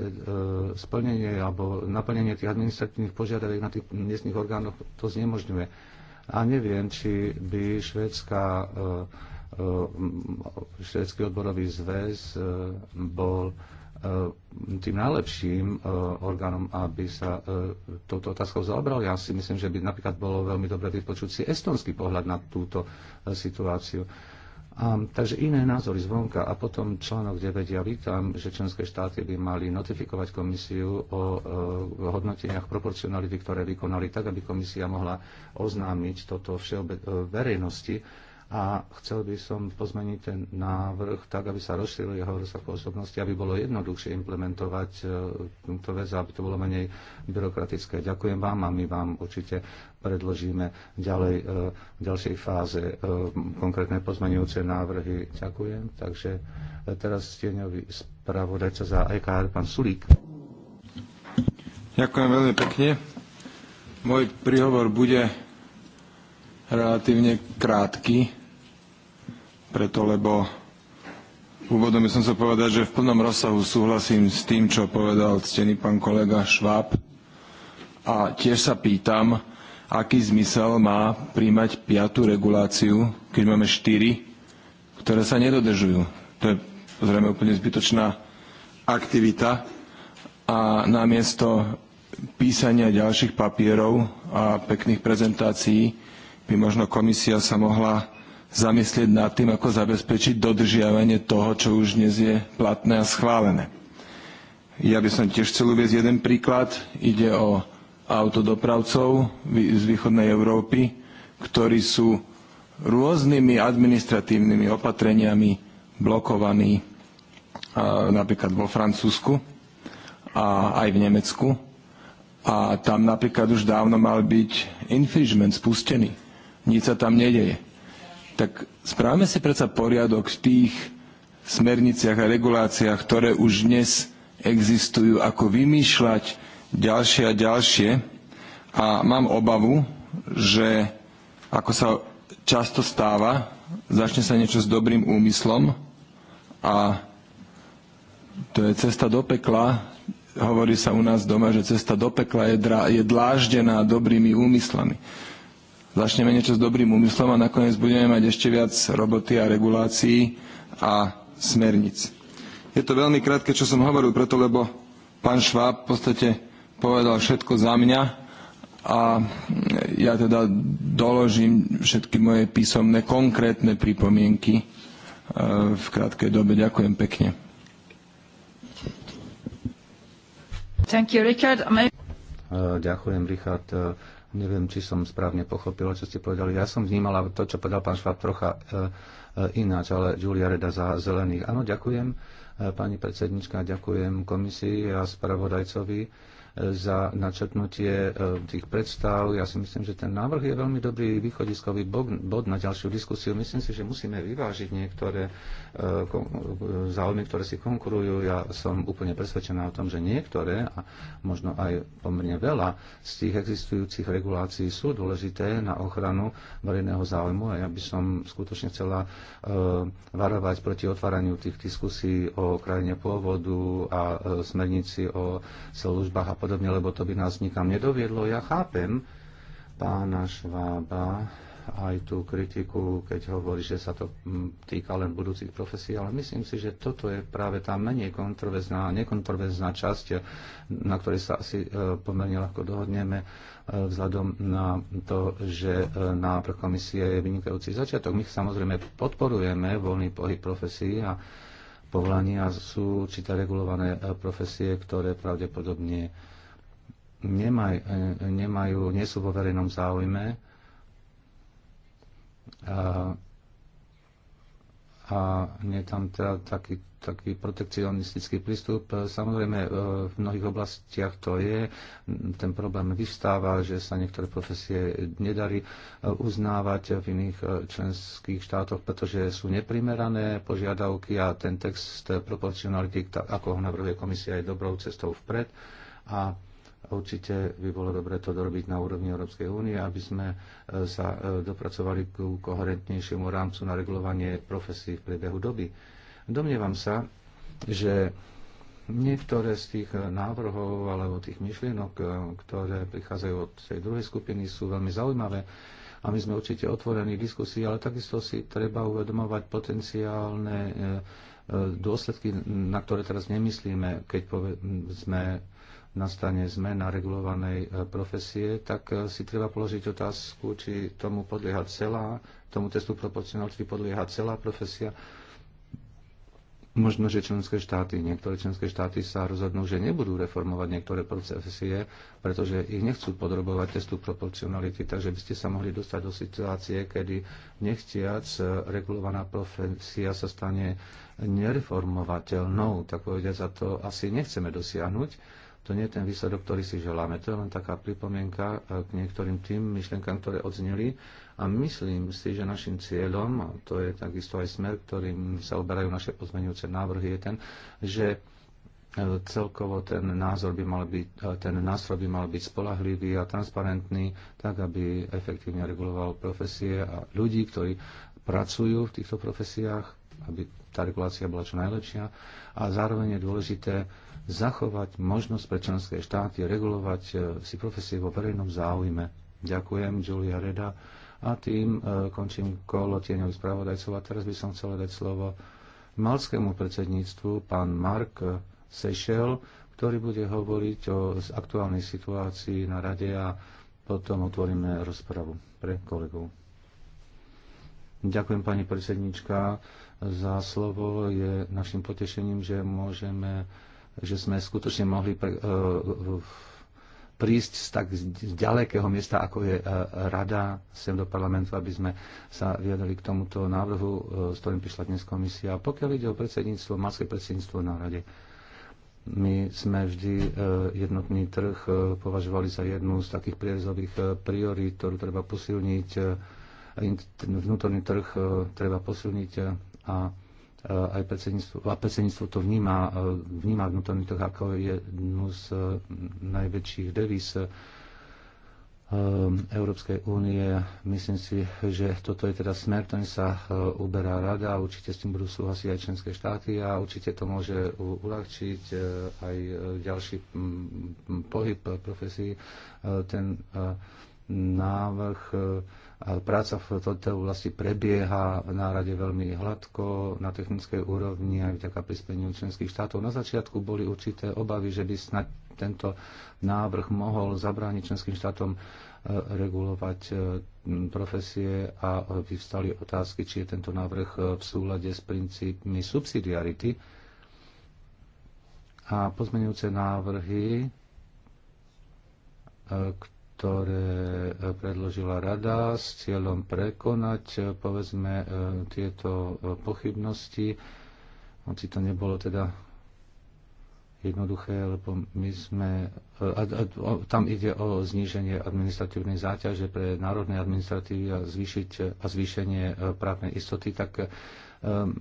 splnenie alebo naplnenie tých administratívnych požiadaviek na tých miestnych orgánoch to znemožňuje. A neviem, či by švédska, e, e, švédsky odborový zväz bol tým najlepším orgánom, aby sa touto otázkou zaobral. Ja si myslím, že by napríklad bolo veľmi dobre vypočuť si estonský pohľad na túto situáciu. A, takže iné názory zvonka. A potom článok 9. Ja vítam, že členské štáty by mali notifikovať komisiu o o e, hodnoteniach proporcionality, ktoré vykonali tak, aby komisia mohla oznámiť toto všeobe- e, verejnosti a chcel by som pozmeniť ten návrh tak, aby sa rozšírili jeho rozsah pôsobnosti, aby bolo jednoduchšie implementovať e, túto vec, aby to bolo menej byrokratické. Ďakujem vám a my vám určite predložíme ďalej, v e, ďalšej fáze e, konkrétne pozmenujúce návrhy. Ďakujem. Takže teraz stieňový spravodajca za EKR, pán Sulík. Ďakujem veľmi pekne. Môj príhovor bude relatívne krátky, preto lebo úvodom by som sa povedať, že v plnom rozsahu súhlasím s tým, čo povedal ctený pán kolega Šváb. A tiež sa pýtam, aký zmysel má príjmať piatú reguláciu, keď máme štyri, ktoré sa nedodržujú. To je zrejme úplne zbytočná aktivita a namiesto písania ďalších papierov a pekných prezentácií by možno komisia sa mohla zamyslieť nad tým, ako zabezpečiť dodržiavanie toho, čo už dnes je platné a schválené. Ja by som tiež chcel uvieť jeden príklad. Ide o autodopravcov z východnej Európy, ktorí sú rôznymi administratívnymi opatreniami blokovaní napríklad vo Francúzsku a aj v Nemecku. A tam napríklad už dávno mal byť infringement spustený nič sa tam nedeje. Tak správame si predsa poriadok v tých smerniciach a reguláciách, ktoré už dnes existujú, ako vymýšľať ďalšie a ďalšie. A mám obavu, že ako sa často stáva, začne sa niečo s dobrým úmyslom a to je cesta do pekla. Hovorí sa u nás doma, že cesta do pekla je, je dláždená dobrými úmyslami začneme niečo s dobrým úmyslom a nakoniec budeme mať ešte viac roboty a regulácií a smerníc. Je to veľmi krátke, čo som hovoril, preto lebo pán Šváb v podstate povedal všetko za mňa a ja teda doložím všetky moje písomné konkrétne pripomienky e, v krátkej dobe. Ďakujem pekne. Thank you, Richard. E, ďakujem, Richard. Neviem, či som správne pochopila, čo ste povedali. Ja som vnímala to, čo povedal pán Šváb, trocha e, e, ináč, ale Julia Reda za zelených. Áno, ďakujem, e, pani predsednička, ďakujem komisii a spravodajcovi za načrtnutie e, tých predstav. Ja si myslím, že ten návrh je veľmi dobrý východiskový bod na ďalšiu diskusiu. Myslím si, že musíme vyvážiť niektoré e, záujmy, ktoré si konkurujú. Ja som úplne presvedčená o tom, že niektoré a možno aj pomerne veľa z tých existujúcich regulácií sú dôležité na ochranu verejného záujmu a ja by som skutočne chcela e, varovať proti otváraniu tých diskusí o krajine pôvodu a smernici o službách a podobne, lebo to by nás nikam nedoviedlo. Ja chápem pána Švába aj tú kritiku, keď hovorí, že sa to mm, týka len budúcich profesí, ale myslím si, že toto je práve tá menej kontroverzná, a nekontroverzná časť, na ktorej sa asi e, pomerne ľahko dohodneme, e, vzhľadom na to, že e, návrh komisie je vynikajúci začiatok. My samozrejme podporujeme voľný pohyb profesí a povolania sú určité regulované profesie, ktoré pravdepodobne nemaj, nemajú, nie sú vo verejnom záujme a, a nie tam teda taký, taký protekcionistický prístup. Samozrejme, e, v mnohých oblastiach to je. Ten problém vyvstáva, že sa niektoré profesie nedarí e, uznávať v iných e, členských štátoch, pretože sú neprimerané požiadavky a ten text proporcionality, ako ho navrhuje komisia, je dobrou cestou vpred. A Určite by bolo dobre to dorobiť na úrovni Európskej únie, aby sme e, sa e, dopracovali k koherentnejšiemu rámcu na regulovanie profesí v priebehu doby. Domnievam sa, že niektoré z tých návrhov alebo tých myšlienok, e, ktoré prichádzajú od tej druhej skupiny, sú veľmi zaujímavé a my sme určite otvorení v diskusii, ale takisto si treba uvedomovať potenciálne dôsledky, na ktoré teraz nemyslíme, keď sme nastane zmena regulovanej e, profesie, tak e, si treba položiť otázku, či tomu podlieha celá, tomu testu proporcionality podlieha celá profesia. Možno, že členské štáty, niektoré členské štáty sa rozhodnú, že nebudú reformovať niektoré profesie, pretože ich nechcú podrobovať testu proporcionality, takže by ste sa mohli dostať do situácie, kedy nechtiac e, regulovaná profesia sa stane nereformovateľnou, tak povedať, za to asi nechceme dosiahnuť to nie je ten výsledok, ktorý si želáme. To je len taká pripomienka e, k niektorým tým myšlenkám, ktoré odzneli. A myslím si, že našim cieľom, a to je takisto aj smer, ktorým sa oberajú naše pozmenujúce návrhy, je ten, že e, celkovo ten názor by mal byť, e, ten nástroj by mal byť spolahlivý a transparentný, tak aby efektívne reguloval profesie a ľudí, ktorí pracujú v týchto profesiách, aby tá regulácia bola čo najlepšia. A zároveň je dôležité zachovať možnosť pre členské štáty regulovať e, si profesie vo verejnom záujme. Ďakujem, Julia Reda. A tým e, končím kolo tieňových spravodajcov. A teraz by som chcel dať slovo malskému predsedníctvu, pán Mark Sešel, ktorý bude hovoriť o aktuálnej situácii na rade a potom otvoríme rozpravu pre kolegov. Ďakujem pani predsednička za slovo. Je našim potešením, že môžeme že sme skutočne mohli pre, e, prísť z tak z ďalekého miesta, ako je e, rada sem do parlamentu, aby sme sa vyjadali k tomuto návrhu, e, s ktorým prišla dnes komisia. Pokiaľ ide o predsedníctvo, maské predsedníctvo na rade, my sme vždy jednotný trh považovali za jednu z takých prierezových priorít, ktorú treba posilniť. Vnútorný trh treba posilniť a aj predsedníctvo, a predsedníctvo to vníma, e, vníma vnútorný trh ako jednu z e, najväčších devíz e, Európskej únie. Myslím si, že toto je teda smer, ktorým sa uberá rada, určite s tým budú súhlasiť aj členské štáty a určite to môže uľahčiť aj ďalší pohyb profesí. Ten návrh Práca v tejto oblasti prebieha v nárade veľmi hladko, na technickej úrovni aj vďaka prispeniu členských štátov. Na začiatku boli určité obavy, že by snad tento návrh mohol zabrániť členským štátom e, regulovať e, profesie a vyvstali otázky, či je tento návrh e, v súlade s princípmi subsidiarity. A pozmenujúce návrhy, ktoré e, predložila rada s cieľom prekonať, e, povedzme, e, tieto pochybnosti. Hoci to nebolo teda jednoduché, lebo my sme... A, a, tam ide o zníženie administratívnej záťaže pre národné administratívy a, zvýšiť, a zvýšenie právnej istoty, tak um,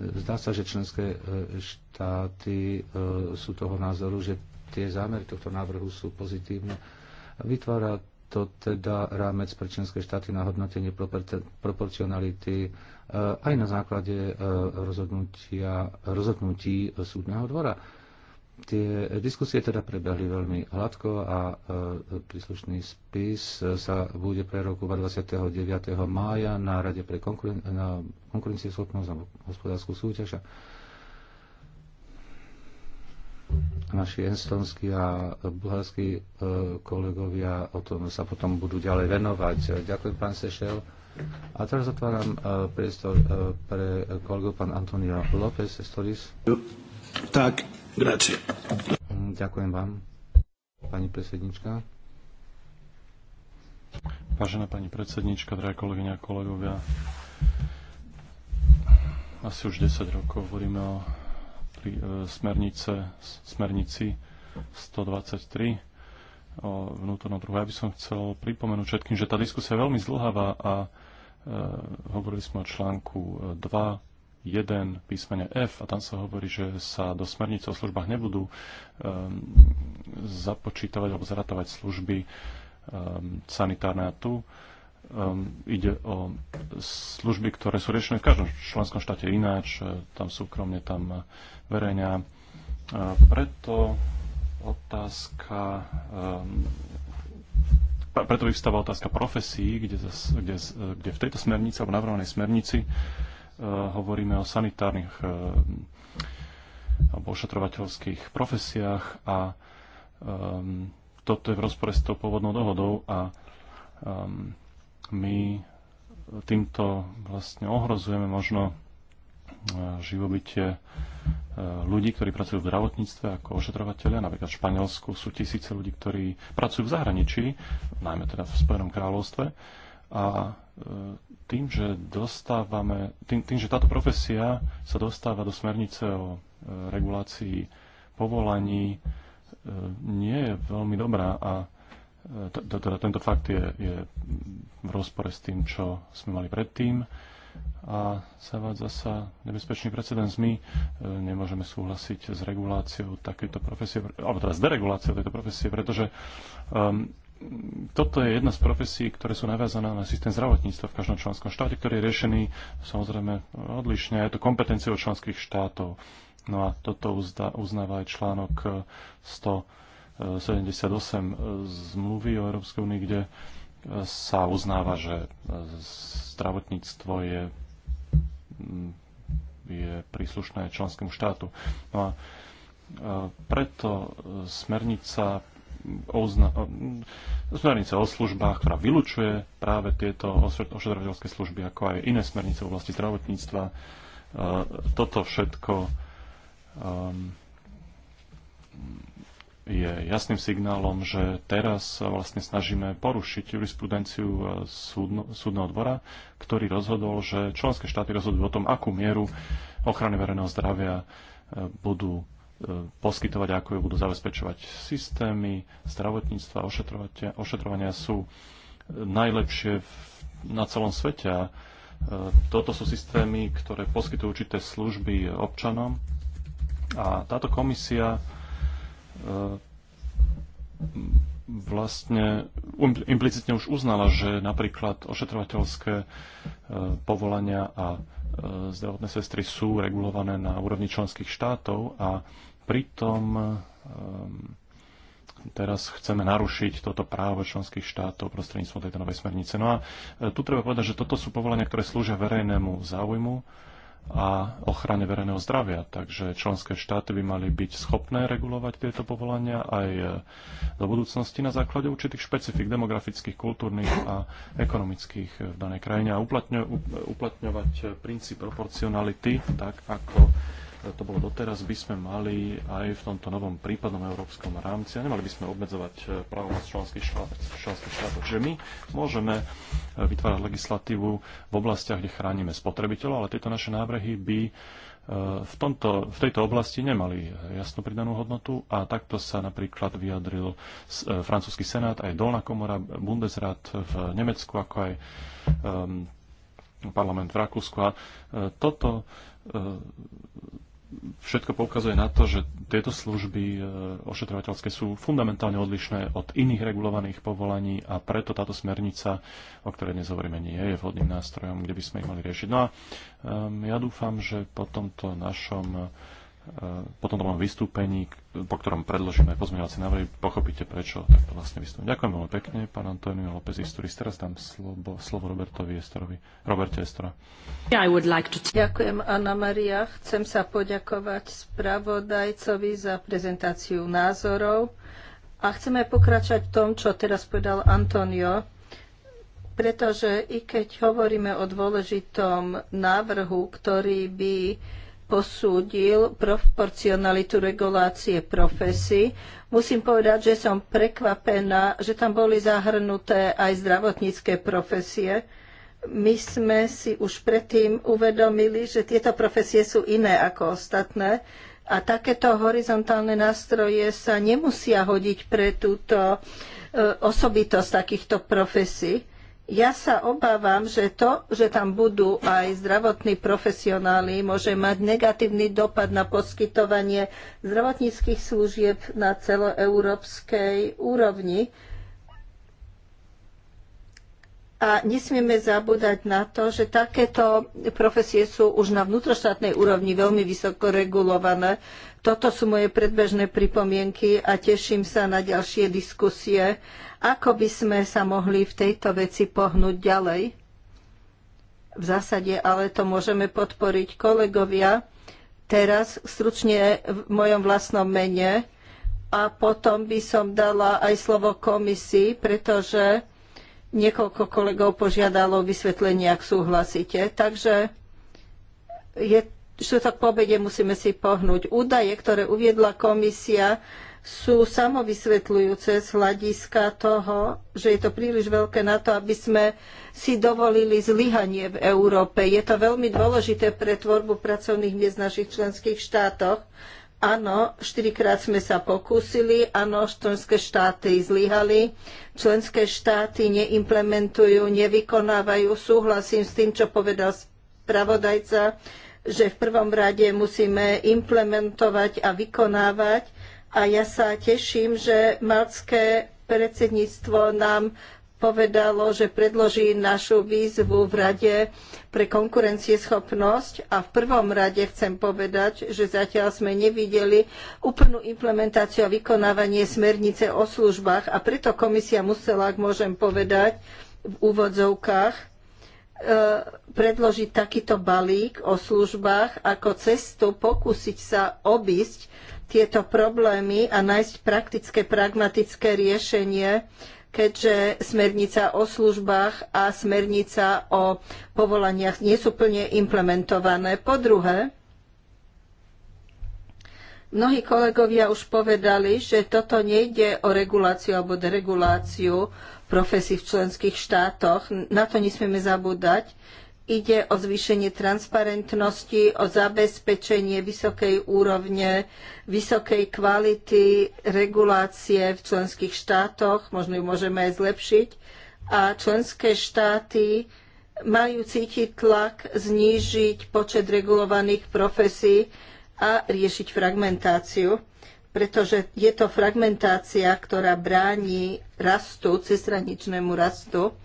zdá sa, že členské štáty uh, sú toho názoru, že tie zámery tohto návrhu sú pozitívne Vytvára to teda rámec pre členské štáty na hodnotenie proporcionality e, aj na základe e, rozhodnutia, rozhodnutí súdneho dvora. Tie diskusie teda prebehli veľmi hladko a e, príslušný spis sa bude prerokovať 29. mája na Rade pre konkuren- schopnosť konkurencieschopnosť a hospodárskú súťaž. naši estonskí a bulharskí e, kolegovia o tom sa potom budú ďalej venovať. Ďakujem, pán Sešel. A teraz otváram e, priestor e, pre kolegu pán Antonio López Estoris. Tak, grazie. Ďakujem vám, pani predsednička. Vážená pani predsednička, drahé kolegyne a kolegovia, asi už 10 rokov hovoríme o pri e, smernice, smernici 123 o e, vnútornom druhu. Ja by som chcel pripomenúť všetkým, že tá diskusia je veľmi zlhavá a e, hovorili sme o článku 2, e, 1, písmene F a tam sa hovorí, že sa do smernice o službách nebudú e, započítavať alebo zratovať služby e, sanitárne a tu. E, um, ide o služby, ktoré sú riešené v každom členskom štáte ináč, e, tam súkromne, tam e, verejňa. A e, preto otázka um, preto vyvstáva otázka profesí, kde, kde, kde v tejto smernici alebo navrhovanej smernici hovoríme o sanitárnych alebo ošetrovateľských profesiách a um, toto je v rozpore s tou pôvodnou dohodou a um, my týmto vlastne ohrozujeme možno e, živobytie e, ľudí, ktorí pracujú v zdravotníctve ako ošetrovateľia. Napríklad v Španielsku sú tisíce ľudí, ktorí pracujú v zahraničí, najmä teda v Spojenom kráľovstve. A e, tým, že dostávame, tým, tým, že táto profesia sa dostáva do smernice o regulácii povolaní, nie je veľmi dobrá a teda tento fakt je, je v rozpore s tým, čo sme mali predtým a zavádza sa nebezpečný precedens. My e, nemôžeme súhlasiť s reguláciou takéto profesie, alebo teda s dereguláciou tejto profesie, pretože um, toto je jedna z profesí, ktoré sú naviazané na systém zdravotníctva v každom členskom štáte, ktorý je riešený samozrejme odlišne. Je to kompetenciou členských štátov. No a toto uzda, uznáva aj článok 178 e, e, zmluvy o Európskej únii, kde sa uznáva, že e, zdravotníctvo je, je príslušné členskému štátu. No a e, preto e, smernica o, smernica o službách, ktorá vylučuje práve tieto ošetrovateľské služby, ako aj iné smernice v oblasti zdravotníctva. Toto všetko je jasným signálom, že teraz vlastne snažíme porušiť jurisprudenciu e, súdno, súdneho dvora, ktorý rozhodol, že členské štáty rozhodujú o tom, akú mieru ochrany verejného zdravia e, budú e, poskytovať, ako ju budú zabezpečovať systémy zdravotníctva, ošetrovania sú najlepšie v, na celom svete. toto sú systémy, ktoré poskytujú určité služby občanom. A táto komisia E, vlastne um, implicitne už uznala, že napríklad ošetrovateľské e, povolania a e, zdravotné sestry sú regulované na úrovni členských štátov a pritom teraz chceme narušiť toto právo členských štátov prostredníctvom tejto novej smernice. No a tu treba povedať, že toto sú povolania, ktoré slúžia verejnému záujmu a ochrane verejného zdravia. Takže členské štáty by mali byť schopné regulovať tieto povolania aj e, do budúcnosti na základe určitých špecifik demografických, kultúrnych a ekonomických e, v danej krajine a uplatňovať e, princíp proporcionality, tak ako to bolo doteraz, by sme mali aj v tomto novom prípadnom európskom rámci a nemali by sme obmedzovať e, právomoc členských, štát, členských štátov. že my môžeme e, vytvárať legislatívu v oblastiach, kde chránime spotrebiteľov, ale tieto naše návrhy by e, v, tomto, v tejto oblasti nemali jasnú pridanú hodnotu a takto sa napríklad vyjadril francúzsky senát, aj dolná komora, Bundesrat v Nemecku, ako aj um, parlament v Rakúsku. A toto všetko poukazuje na to, že tieto služby e, ošetrovateľské sú fundamentálne odlišné od iných regulovaných povolaní a preto táto smernica, o ktorej dnes hovoríme, nie je vhodným nástrojom, kde by sme ich mali riešiť. No a e, ja dúfam, že po tomto našom E, po tomto mojom vystúpení, po ktorom predložíme pozmeňovacie návrhy, pochopíte prečo, tak to vlastne vystúpim. Ďakujem veľmi pekne, pán Antonio López Isturis. Teraz dám slovo, slovo Robertovi Estorovi. Roberte Estora. Ďakujem, Anna Maria. Chcem sa poďakovať spravodajcovi za prezentáciu názorov a chceme pokračovať v tom, čo teraz povedal Antonio, pretože i keď hovoríme o dôležitom návrhu, ktorý by posúdil proporcionalitu regulácie profesí. Musím povedať, že som prekvapená, že tam boli zahrnuté aj zdravotnícke profesie. My sme si už predtým uvedomili, že tieto profesie sú iné ako ostatné a takéto horizontálne nástroje sa nemusia hodiť pre túto e, osobitosť takýchto profesí. Ja sa obávam, že to, že tam budú aj zdravotní profesionáli, môže mať negatívny dopad na poskytovanie zdravotníckých služieb na celoeurópskej úrovni. A nesmieme zabúdať na to, že takéto profesie sú už na vnútroštátnej úrovni veľmi vysoko regulované. Toto sú moje predbežné pripomienky a teším sa na ďalšie diskusie, ako by sme sa mohli v tejto veci pohnúť ďalej. V zásade ale to môžeme podporiť kolegovia. Teraz stručne v mojom vlastnom mene a potom by som dala aj slovo komisii, pretože Niekoľko kolegov požiadalo vysvetlenie, ak súhlasíte. Takže je štvrtok po obede musíme si pohnúť. Údaje, ktoré uviedla komisia, sú samovysvetľujúce z hľadiska toho, že je to príliš veľké na to, aby sme si dovolili zlyhanie v Európe. Je to veľmi dôležité pre tvorbu pracovných miest v našich členských štátoch. Áno, štyrikrát sme sa pokúsili, áno, členské štáty zlyhali, členské štáty neimplementujú, nevykonávajú, súhlasím s tým, čo povedal spravodajca, že v prvom rade musíme implementovať a vykonávať. A ja sa teším, že malské predsedníctvo nám povedalo, že predloží našu výzvu v rade pre konkurencieschopnosť a v prvom rade chcem povedať, že zatiaľ sme nevideli úplnú implementáciu a vykonávanie smernice o službách a preto komisia musela, ak môžem povedať, v úvodzovkách e, predložiť takýto balík o službách ako cestu pokúsiť sa obísť tieto problémy a nájsť praktické, pragmatické riešenie keďže smernica o službách a smernica o povolaniach nie sú plne implementované. Po druhé, mnohí kolegovia už povedali, že toto nejde o reguláciu alebo dereguláciu profesí v členských štátoch. Na to nesmieme zabúdať. Ide o zvýšenie transparentnosti, o zabezpečenie vysokej úrovne, vysokej kvality regulácie v členských štátoch, možno ju môžeme aj zlepšiť. A členské štáty majú cítiť tlak znížiť počet regulovaných profesí a riešiť fragmentáciu, pretože je to fragmentácia, ktorá bráni rastu, cezhraničnému rastu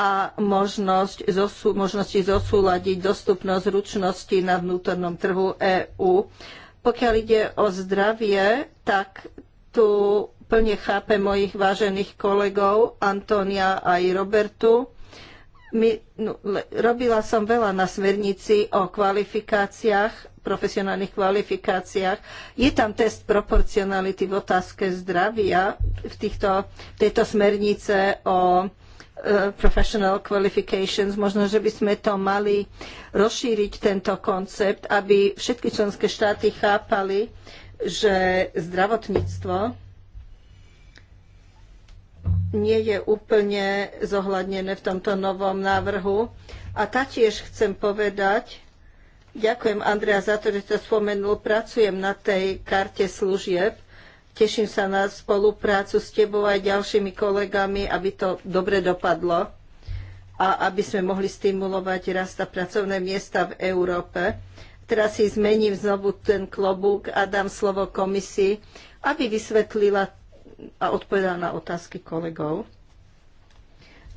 a možnosť zosú, možnosti zosúľadiť dostupnosť ručnosti na vnútornom trhu EÚ. Pokiaľ ide o zdravie, tak tu plne chápe mojich vážených kolegov Antonia aj Robertu. My, no, le, robila som veľa na smernici o kvalifikáciách, profesionálnych kvalifikáciách. Je tam test proporcionality v otázke zdravia v týchto, tejto smernice o Eh, professional qualifications. Možno, že by sme to mali rozšíriť tento koncept, aby všetky členské štáty chápali, že zdravotníctvo nie je úplne zohľadnené v tomto novom návrhu. A taktiež chcem povedať, ďakujem Andrea za to, že to spomenul, pracujem na tej karte služieb, Teším sa na spoluprácu s tebou aj ďalšími kolegami, aby to dobre dopadlo a aby sme mohli stimulovať rast a pracovné miesta v Európe. Teraz si zmením znovu ten klobúk a dám slovo komisii, aby vysvetlila a odpovedala na otázky kolegov.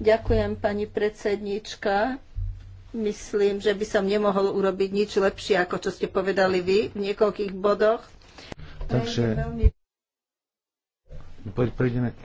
Ďakujem, pani predsednička. Myslím, že by som nemohol urobiť nič lepšie, ako čo ste povedali vy v niekoľkých bodoch. Takže... Prejdeme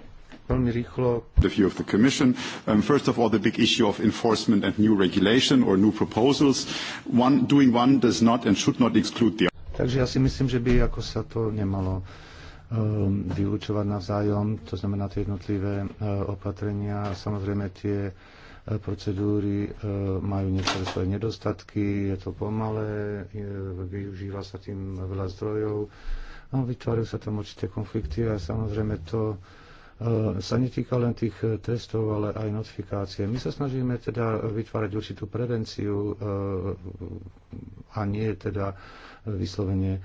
veľmi rýchlo. The view of the Commission. Um, first of all, the big issue of enforcement and new regulation or new proposals. One, doing one does not and should not exclude the Takže ja si myslím, že by ako sa to nemalo um, vylúčovať navzájom, to znamená tie jednotlivé uh, opatrenia. Samozrejme tie uh, procedúry uh, majú niektoré svoje nedostatky, je to pomalé, je, využíva sa tým veľa zdrojov. No, vytvárajú sa tam určité konflikty a samozrejme to e, sa netýka len tých e, testov, ale aj notifikácie. My sa snažíme teda vytvárať určitú prevenciu e, a nie teda vyslovene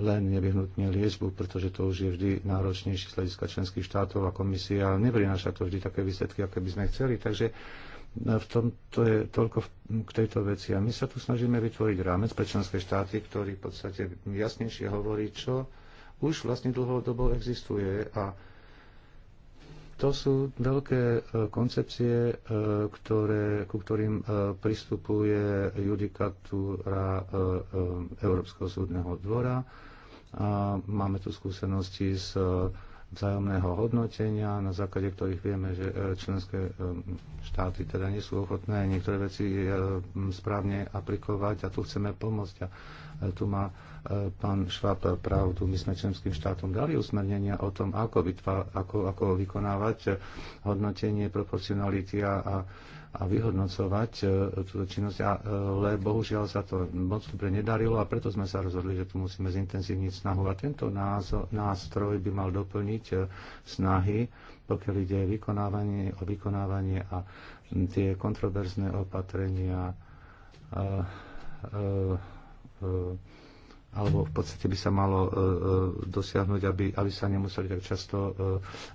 len nevyhnutne liečbu, pretože to už je vždy náročnejšie z hľadiska členských štátov a komisia neprináša to vždy také výsledky, aké by sme chceli. Takže v tom, to je toľko k tejto veci. A my sa tu snažíme vytvoriť rámec pre členské štáty, ktorý v podstate jasnejšie hovorí, čo už vlastne dlhodobo existuje. A to sú veľké e, koncepcie, e, ktoré, ku ktorým e, pristupuje judikatúra Európskeho súdneho dvora. A máme tu skúsenosti s vzájomného hodnotenia, na základe ktorých vieme, že e, členské e, štáty teda nie sú ochotné niektoré veci e, správne aplikovať a tu chceme pomôcť. A tu má pán Šváb pravdu. My sme členským štátom dali usmernenia o tom, ako, vytvá, ako, ako vykonávať hodnotenie proporcionality a, a a vyhodnocovať e, túto činnosť, ale e, bohužiaľ sa to moc dobre nedarilo a preto sme sa rozhodli, že tu musíme zintenzívniť snahu. A tento nástroj by mal doplniť e, snahy, pokiaľ ide o vykonávanie, o vykonávanie a tie kontroverzné opatrenia alebo v podstate by sa malo dosiahnuť, aby, aby sa nemuseli tak často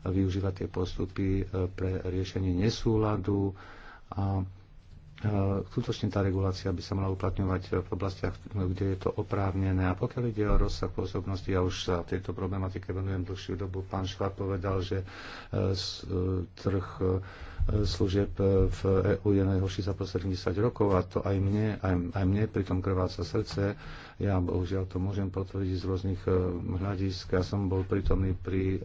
využívať tie postupy pre riešenie nesúladu, a skutočne tá regulácia by sa mala uplatňovať v oblastiach, kde je to oprávnené. A pokiaľ ide o rozsah pôsobnosti, ja už sa tejto problematike venujem dlhšiu dobu, pán Švab povedal, že e, e, trh e, služieb v EU je najhorší za posledných 10 rokov a to aj mne, aj, aj mne pritom krváca srdce. Ja bohužiaľ to môžem potvrdiť z rôznych e, hľadisk. Ja som bol prítomný pri e,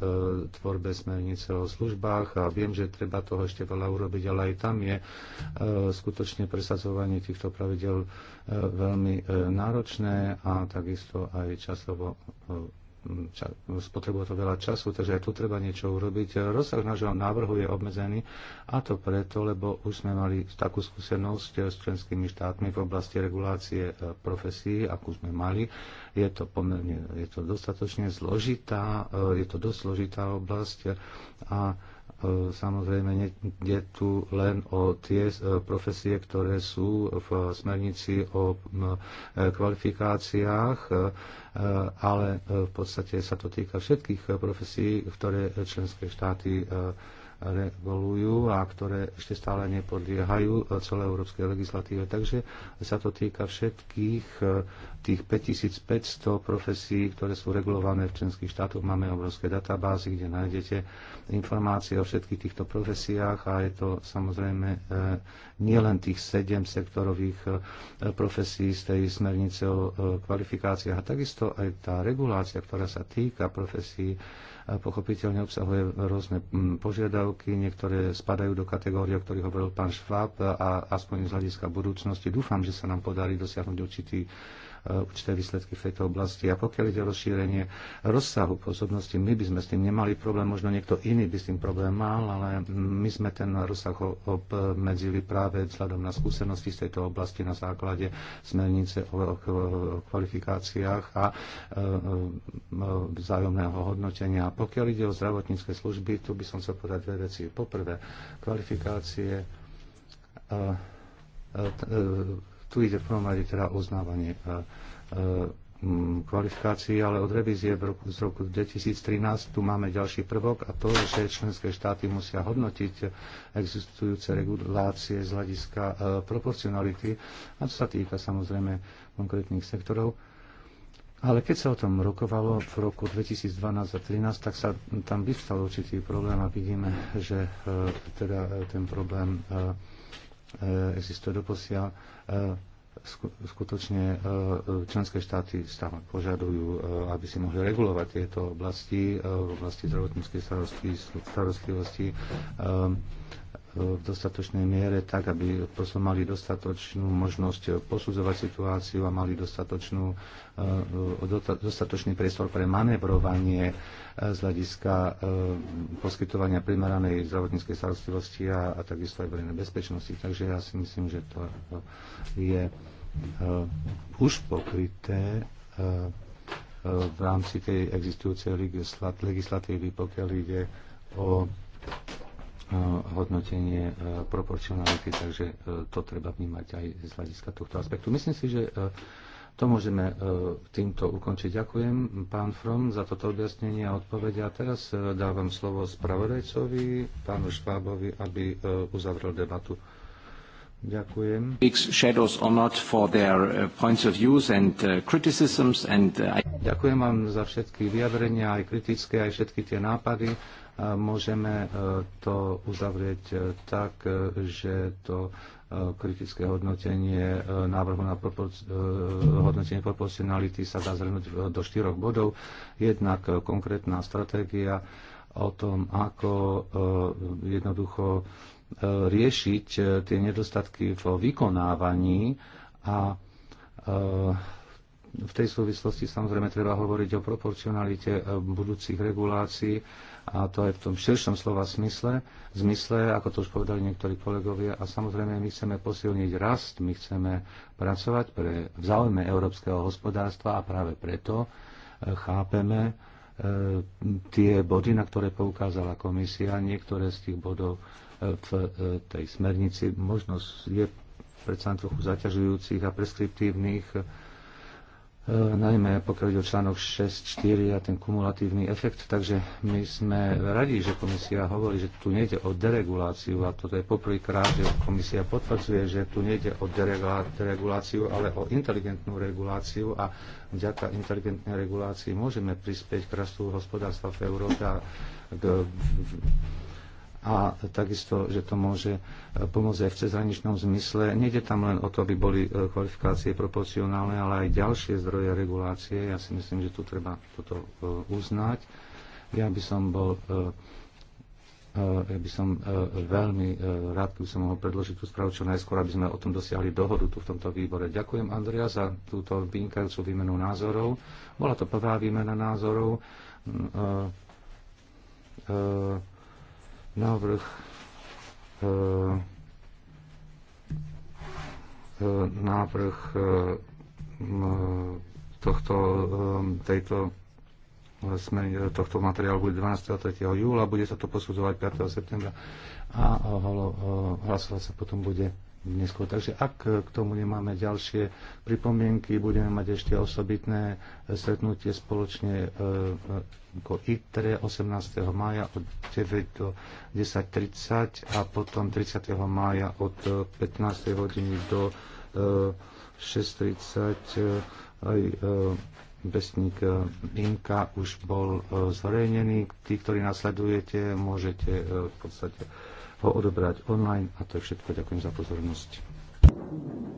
tvorbe smernice o službách a viem, že treba toho ešte veľa urobiť, ale aj tam je e, skutočne presadzovanie týchto pravidel veľmi náročné a takisto aj časovo spotrebuje to veľa času, takže aj tu treba niečo urobiť. Rozsah nášho návrhu je obmedzený a to preto, lebo už sme mali takú skúsenosť s členskými štátmi v oblasti regulácie e, profesí, akú sme mali. Je to, pomerne, je to dostatočne zložitá, e, je to dosť zložitá oblasť a E, samozrejme, je tu len o tie e, profesie, ktoré sú v smernici o e, kvalifikáciách, ale v podstate sa to týka všetkých profesí, ktoré členské štáty regulujú a ktoré ešte stále nepodliehajú e, celé európskej legislatíve. Takže sa to týka všetkých e, tých 5500 profesí, ktoré sú regulované v členských štátoch. Máme obrovské databázy, kde nájdete informácie o všetkých týchto profesiách a je to samozrejme e, nielen tých 7 sektorových profesí z tej smernice o kvalifikáciách a takisto aj tá regulácia, ktorá sa týka profesí pochopiteľne obsahuje rôzne mm, požiadavky, niektoré spadajú do kategórie, o ktorých hovoril pán Šváb a aspoň z hľadiska budúcnosti dúfam, že sa nám podarí dosiahnuť určitý Eh, určité výsledky v tejto oblasti. A pokiaľ ide o rozšírenie rozsahu pôsobnosti, my by sme s tým nemali problém, možno niekto iný by s tým problém mal, ale my sme ten rozsah obmedzili práve vzhľadom na skúsenosti z tejto oblasti na základe smernice o kvalifikáciách a eh, eh, vzájomného hodnotenia. A pokiaľ ide o zdravotnícke služby, tu by som chcel povedať dve veci. Poprvé, kvalifikácie tu ide v prvom rade teda uznávanie e, e, kvalifikácií, ale od revízie roku, z roku 2013 tu máme ďalší prvok a to, že členské štáty musia hodnotiť existujúce regulácie z hľadiska e, proporcionality a to sa týka samozrejme konkrétnych sektorov. Ale keď sa o tom rokovalo v roku 2012 a 2013, tak sa tam vyvstal určitý problém a vidíme, že e, teda e, ten problém e, E, existuje doposiaľ, e, skutočne e, členské štáty stále požadujú, aby si mohli regulovať tieto oblasti, oblasti zdravotníckej starostlivosti, starostlivosti v dostatočnej miere tak, aby prosom mali dostatočnú možnosť posudzovať situáciu a mali dostatočnú, eh, dostatočný priestor pre manevrovanie eh, z hľadiska eh, poskytovania primeranej zdravotníckej starostlivosti a, a takisto aj verejnej bezpečnosti. Takže ja si myslím, že to je už pokryté v rámci tej existujúcej legislatívy, pokiaľ ide o hodnotenie e, proporcionality, takže e, to treba vnímať aj z hľadiska tohto aspektu. Myslím si, že e, to môžeme týmto ukončiť. Ďakujem pán From za toto objasnenie a odpovede. A teraz dávam slovo spravodajcovi, pánu Švábovi, aby uzavrel debatu. Ďakujem. Ďakujem vám za všetky vyjadrenia, aj kritické, aj všetky tie nápady môžeme e, to uzavrieť e, tak, e, že to kritické hodnotenie návrhu na hodnotenie proporcionality sa dá zhrnúť do štyroch bodov. Jednak konkrétna stratégia o tom, ako jednoducho riešiť tie nedostatky v vykonávaní a v tej súvislosti samozrejme treba hovoriť o proporcionalite budúcich regulácií a to aj v tom širšom slova smysle, zmysle, ako to už povedali niektorí kolegovia. A samozrejme, my chceme posilniť rast, my chceme pracovať pre, záujme európskeho hospodárstva a práve preto e, chápeme e, tie body, na ktoré poukázala komisia, niektoré z tých bodov e, v tej smernici možnosť je predsa trochu zaťažujúcich a preskriptívnych E, najmä pokiaľ ide o článok 6.4 a ten kumulatívny efekt. Takže my sme radi, že komisia hovorí, že tu nejde o dereguláciu a toto je poprvýkrát, že komisia potvrdzuje, že tu nejde o dereguláciu, ale o inteligentnú reguláciu a vďaka inteligentnej regulácii môžeme prispieť k rastu hospodárstva v Európe a k a takisto, že to môže e, pomôcť aj v cezhraničnom zmysle. Nede tam len o to, aby boli e, kvalifikácie proporcionálne, ale aj ďalšie zdroje regulácie. Ja si myslím, že tu treba toto e, uznať. Ja by som bol ja by som veľmi rád, keby som mohol predložiť tú správu čo najskôr, aby sme o tom dosiahli dohodu tu v tomto výbore. Ďakujem, Andrea, za túto vynikajúcu výmenu názorov. Bola to prvá výmena názorov. Mm, Návrh e, e, návrh e, tohto, tejto tohto materiálu bude 12. a 3. júla, bude sa to posudzovať 5. septembra a hlasovať sa potom bude neskôr. Takže ak k tomu nemáme ďalšie pripomienky, budeme mať ešte osobitné stretnutie spoločne e, ako ITRE 18. mája od 9 do 10.30 a potom 30. mája od 15. hodiny do 6.30 e, e, aj vesník Inka už bol zverejnený. Tí, ktorí nasledujete, môžete v podstate ho odobrať online a to je všetko. Ďakujem za pozornosť.